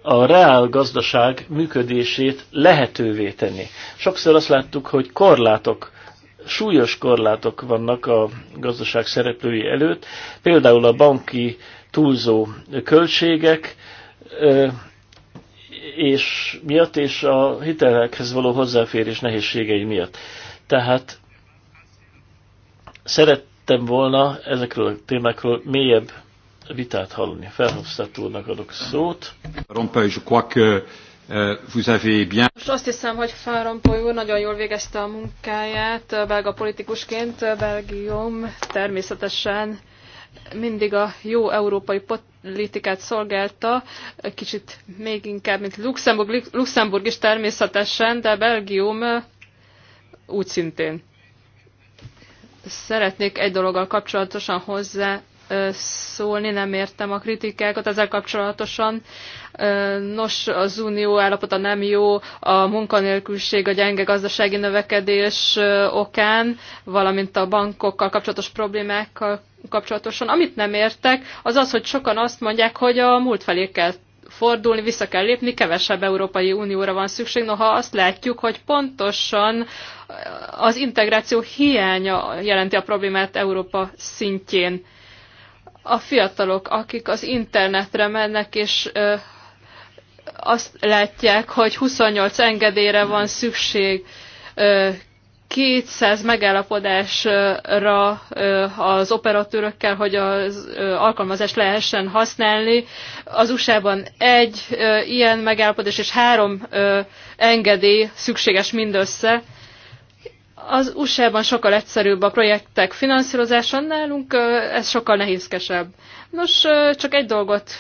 a reál gazdaság működését lehetővé tenni. Sokszor azt láttuk, hogy korlátok, súlyos korlátok vannak a gazdaság szereplői előtt, például a banki túlzó költségek, és miatt, és a hitelekhez való hozzáférés nehézségei miatt. Tehát szerettem volna ezekről a témákról mélyebb vitát hallani. Felhoztat úrnak adok szót. Euh, Most azt hiszem, hogy Fárompoly úr nagyon jól végezte a munkáját belga politikusként. Belgium természetesen mindig a jó európai politikát szolgálta, kicsit még inkább, mint Luxemburg, Luxemburg is természetesen, de Belgium úgy szintén. Szeretnék egy dologgal kapcsolatosan hozzá szólni, nem értem a kritikákat ezzel kapcsolatosan. Nos, az unió állapota nem jó, a munkanélküliség, a gyenge gazdasági növekedés okán, valamint a bankokkal kapcsolatos problémákkal kapcsolatosan. Amit nem értek, az az, hogy sokan azt mondják, hogy a múlt felé kell fordulni, vissza kell lépni, kevesebb Európai Unióra van szükség. Noha azt látjuk, hogy pontosan az integráció hiánya jelenti a problémát Európa szintjén a fiatalok, akik az internetre mennek, és azt látják, hogy 28 engedélyre van szükség, 200 megállapodásra az operatőrökkel, hogy az alkalmazást lehessen használni. Az USA-ban egy ilyen megállapodás és három engedély szükséges mindössze. Az USA-ban sokkal egyszerűbb a projektek finanszírozása, nálunk ez sokkal nehézkesebb. Nos, csak egy dolgot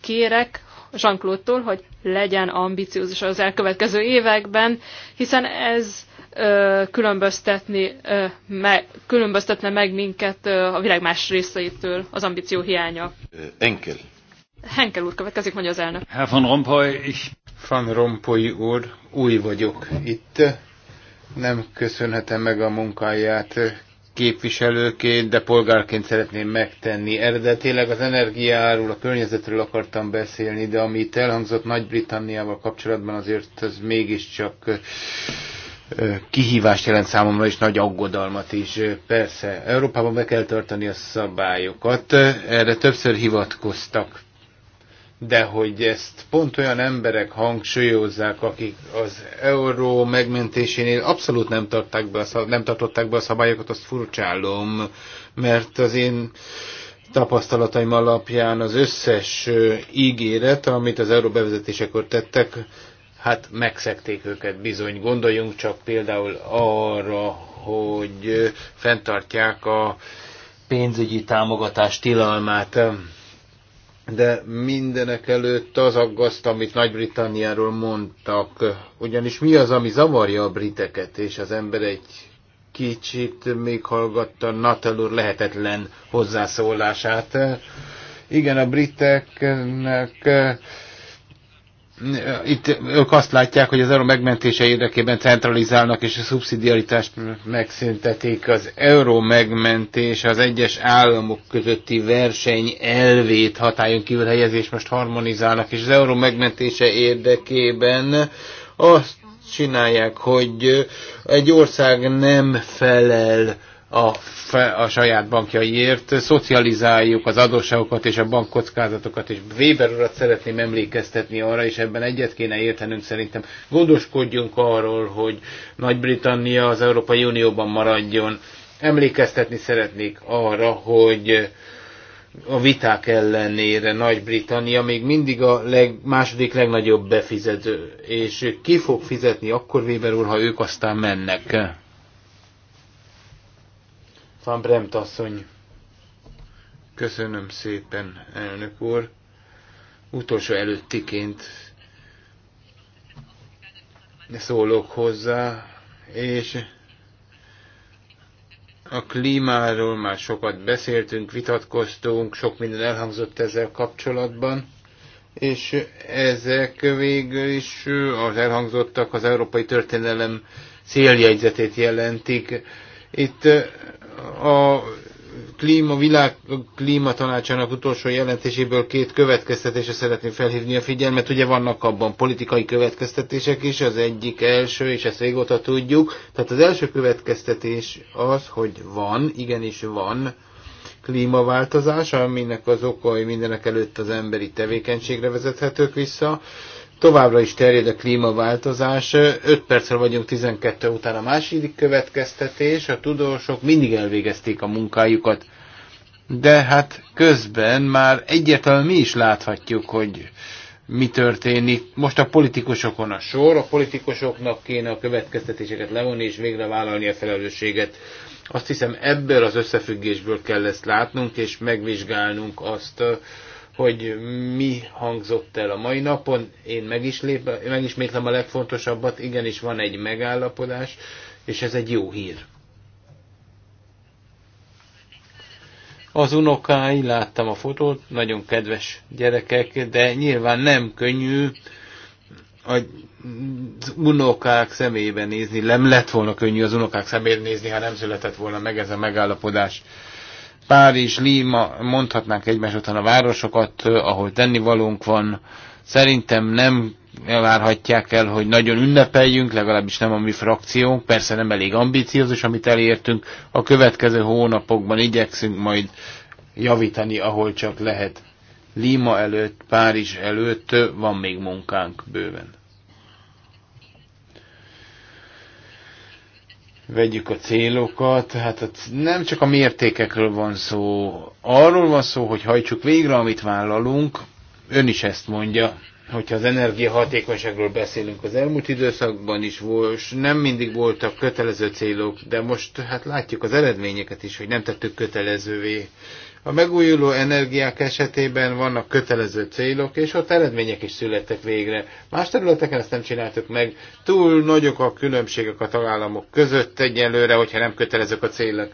kérek jean tól hogy legyen ambiciózus az elkövetkező években, hiszen ez ö, különböztetni, ö, me, különböztetne meg minket ö, a világ más részeitől az ambíció hiánya. Enkel. Henkel úr következik, mondja az elnök. Herr van Rompuy, ich... Van Rompuy úr, új vagyok itt nem köszönhetem meg a munkáját képviselőként, de polgárként szeretném megtenni. Eredetileg az energiáról, a környezetről akartam beszélni, de amit elhangzott Nagy-Britanniával kapcsolatban azért ez mégiscsak kihívást jelent számomra, és nagy aggodalmat is. Persze, Európában be kell tartani a szabályokat, erre többször hivatkoztak de hogy ezt pont olyan emberek hangsúlyozzák, akik az euró megmentésénél abszolút nem, be a, nem tartották be a szabályokat, azt furcsálom, mert az én tapasztalataim alapján az összes ígéret, amit az euró bevezetésekor tettek, hát megszekték őket bizony. Gondoljunk csak például arra, hogy fenntartják a pénzügyi támogatás tilalmát de mindenek előtt az aggaszt, amit Nagy-Britanniáról mondtak, ugyanis mi az, ami zavarja a briteket, és az ember egy kicsit még hallgatta Natal úr lehetetlen hozzászólását. Igen, a briteknek itt ők azt látják, hogy az euró megmentése érdekében centralizálnak, és a szubszidiaritást megszüntetik. Az euró megmentése az egyes államok közötti verseny elvét hatályon kívül helyezés most harmonizálnak, és az euró megmentése érdekében azt csinálják, hogy egy ország nem felel a, a saját bankjaiért, szocializáljuk az adósságokat és a bankkockázatokat, és Weber urat szeretném emlékeztetni arra, és ebben egyet kéne értenünk szerintem. Gondoskodjunk arról, hogy Nagy-Britannia az Európai Unióban maradjon. Emlékeztetni szeretnék arra, hogy a viták ellenére Nagy-Britannia még mindig a leg, második legnagyobb befizető, és ki fog fizetni akkor Weber úr, ha ők aztán mennek? Van Bremt asszony. Köszönöm szépen, elnök úr. Utolsó előttiként szólok hozzá, és a klímáról már sokat beszéltünk, vitatkoztunk, sok minden elhangzott ezzel kapcsolatban, és ezek végül is az elhangzottak az európai történelem széljegyzetét jelentik. Itt a klíma, világ klíma tanácsának utolsó jelentéséből két következtetése szeretném felhívni a figyelmet. Ugye vannak abban politikai következtetések is, az egyik első, és ezt régóta tudjuk. Tehát az első következtetés az, hogy van, igenis van klímaváltozás, aminek az okai mindenek előtt az emberi tevékenységre vezethetők vissza. Továbbra is terjed a klímaváltozás. 5 percre vagyunk 12 után a második következtetés. A tudósok mindig elvégezték a munkájukat. De hát közben már egyértelműen mi is láthatjuk, hogy mi történik. Most a politikusokon a sor, a politikusoknak kéne a következtetéseket levonni és végre vállalni a felelősséget. Azt hiszem ebből az összefüggésből kell ezt látnunk és megvizsgálnunk azt, hogy mi hangzott el a mai napon. Én meg is lép, megismétlem a legfontosabbat, igenis van egy megállapodás, és ez egy jó hír. Az unokái, láttam a fotót, nagyon kedves gyerekek, de nyilván nem könnyű az unokák szemébe nézni. Nem lett volna könnyű az unokák szemébe nézni, ha nem született volna meg ez a megállapodás. Párizs, Líma, mondhatnánk egymás után a városokat, eh, ahol tennivalónk van. Szerintem nem várhatják el, hogy nagyon ünnepeljünk, legalábbis nem a mi frakciónk, persze nem elég ambiciózus, amit elértünk. A következő hónapokban igyekszünk majd javítani, ahol csak lehet. Líma előtt, Párizs előtt van még munkánk bőven. vegyük a célokat, hát nem csak a mértékekről van szó, arról van szó, hogy hajtsuk végre, amit vállalunk, ön is ezt mondja, hogyha az energiahatékonyságról beszélünk az elmúlt időszakban is, és nem mindig voltak kötelező célok, de most hát látjuk az eredményeket is, hogy nem tettük kötelezővé a megújuló energiák esetében vannak kötelező célok, és ott eredmények is születtek végre. Más területeken ezt nem csináltuk meg. Túl nagyok a különbségek a tagállamok között egyelőre, hogyha nem kötelezők a célok.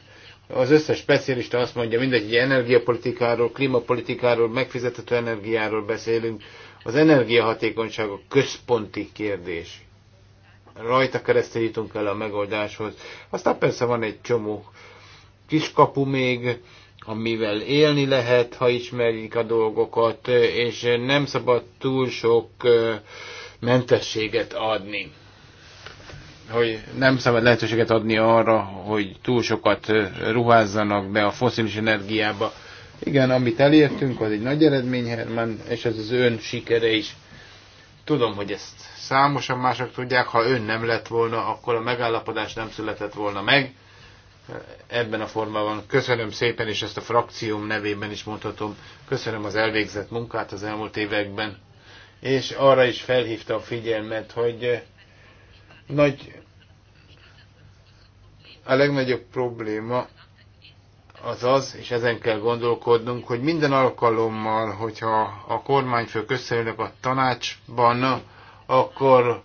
Az összes specialista azt mondja, mindegy, hogy energiapolitikáról, klímapolitikáról, megfizethető energiáról beszélünk. Az energiahatékonyság a központi kérdés. Rajta keresztül jutunk el a megoldáshoz. Aztán persze van egy csomó kiskapu még, amivel élni lehet, ha ismerik a dolgokat, és nem szabad túl sok mentességet adni. Hogy nem szabad lehetőséget adni arra, hogy túl sokat ruházzanak be a foszilis energiába. Igen, amit elértünk, az egy nagy eredmény, Herman, és ez az ön sikere is. Tudom, hogy ezt számosan mások tudják, ha ön nem lett volna, akkor a megállapodás nem született volna meg ebben a formában. Köszönöm szépen, és ezt a frakcióm nevében is mondhatom. Köszönöm az elvégzett munkát az elmúlt években. És arra is felhívta a figyelmet, hogy eh, nagy, a legnagyobb probléma az az, és ezen kell gondolkodnunk, hogy minden alkalommal, hogyha a kormányfők összeülnek a tanácsban, akkor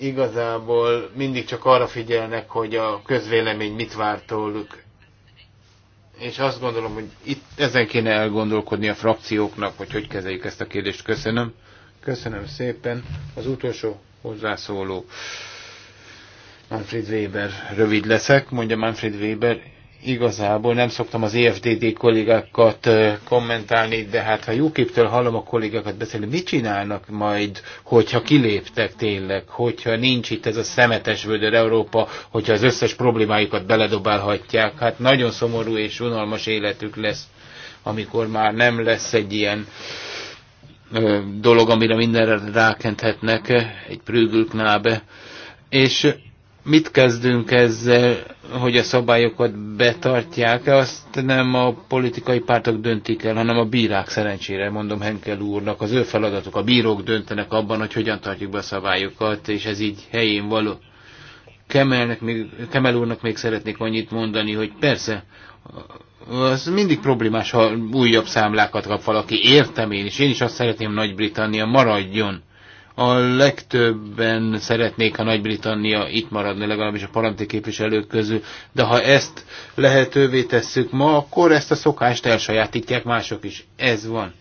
igazából mindig csak arra figyelnek, hogy a közvélemény mit vár tőlük. És azt gondolom, hogy itt ezen kéne elgondolkodni a frakcióknak, hogy hogy kezeljük ezt a kérdést. Köszönöm. Köszönöm szépen. Az utolsó hozzászóló Manfred Weber. Rövid leszek, mondja Manfred Weber igazából nem szoktam az EFDD kollégákat kommentálni, de hát ha UKIP-től hallom a kollégákat beszélni, mit csinálnak majd, hogyha kiléptek tényleg, hogyha nincs itt ez a szemetes vödör Európa, hogyha az összes problémájukat beledobálhatják, hát nagyon szomorú és unalmas életük lesz, amikor már nem lesz egy ilyen dolog, amire mindenre rákenthetnek, egy prügülknábe. És mit kezdünk ezzel? hogy a szabályokat betartják, azt nem a politikai pártok döntik el, hanem a bírák szerencsére, mondom Henkel úrnak, az ő feladatuk, a bírók döntenek abban, hogy hogyan tartjuk be a szabályokat, és ez így helyén való. Kemelnek még, Kemel úrnak még szeretnék annyit mondani, hogy persze, az mindig problémás, ha újabb számlákat kap valaki. Értem én is. Én is azt szeretném, Nagy-Britannia maradjon a legtöbben szeretnék, ha Nagy-Britannia itt maradni legalábbis a parlamenti képviselők közül, de ha ezt lehetővé tesszük ma, akkor ezt a szokást elsajátítják mások is. Ez van.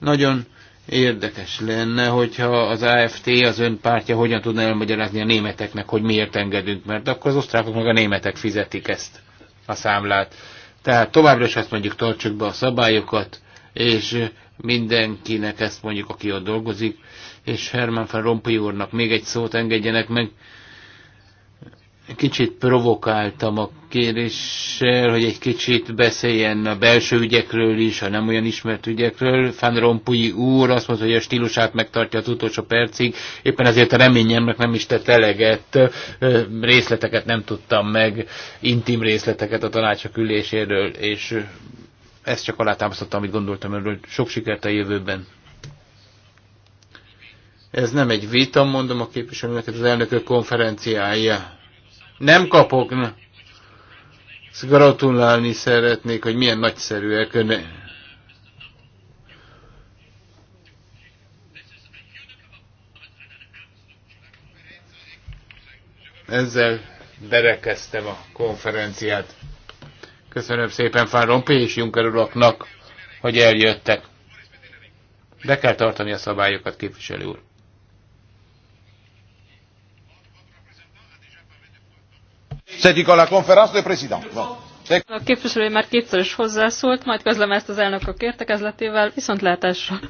Nagyon érdekes lenne, hogyha az AFT, az ön pártja hogyan tudna elmagyarázni a németeknek, hogy miért engedünk, mert akkor az osztrákok meg a németek fizetik ezt a számlát. Tehát továbbra is azt mondjuk, tartsuk be a szabályokat, és mindenkinek ezt mondjuk, aki ott dolgozik, és Herman van Rompuy úrnak még egy szót engedjenek meg. Kicsit provokáltam a kéréssel, hogy egy kicsit beszéljen a belső ügyekről is, a nem olyan ismert ügyekről. Van Rompuy úr azt mondta, hogy a stílusát megtartja az utolsó percig, éppen ezért a reményemnek nem is tett eleget, részleteket nem tudtam meg, intim részleteket a tanácsok üléséről, és ezt csak alátámasztottam, amit gondoltam erről. Sok sikert a jövőben! Ez nem egy vita, mondom a képviselőnek, ez az elnökök konferenciája. Nem kapok. Ezt gratulálni szeretnék, hogy milyen nagyszerűek önök. Ezzel berekeztem a konferenciát. Köszönöm szépen Fán Rompé és Juncker uraknak, hogy eljöttek. Be kell tartani a szabályokat, képviselő úr. A képviselő már kétszer is hozzászólt, majd közlem ezt az elnökök értekezletével, viszont látásra.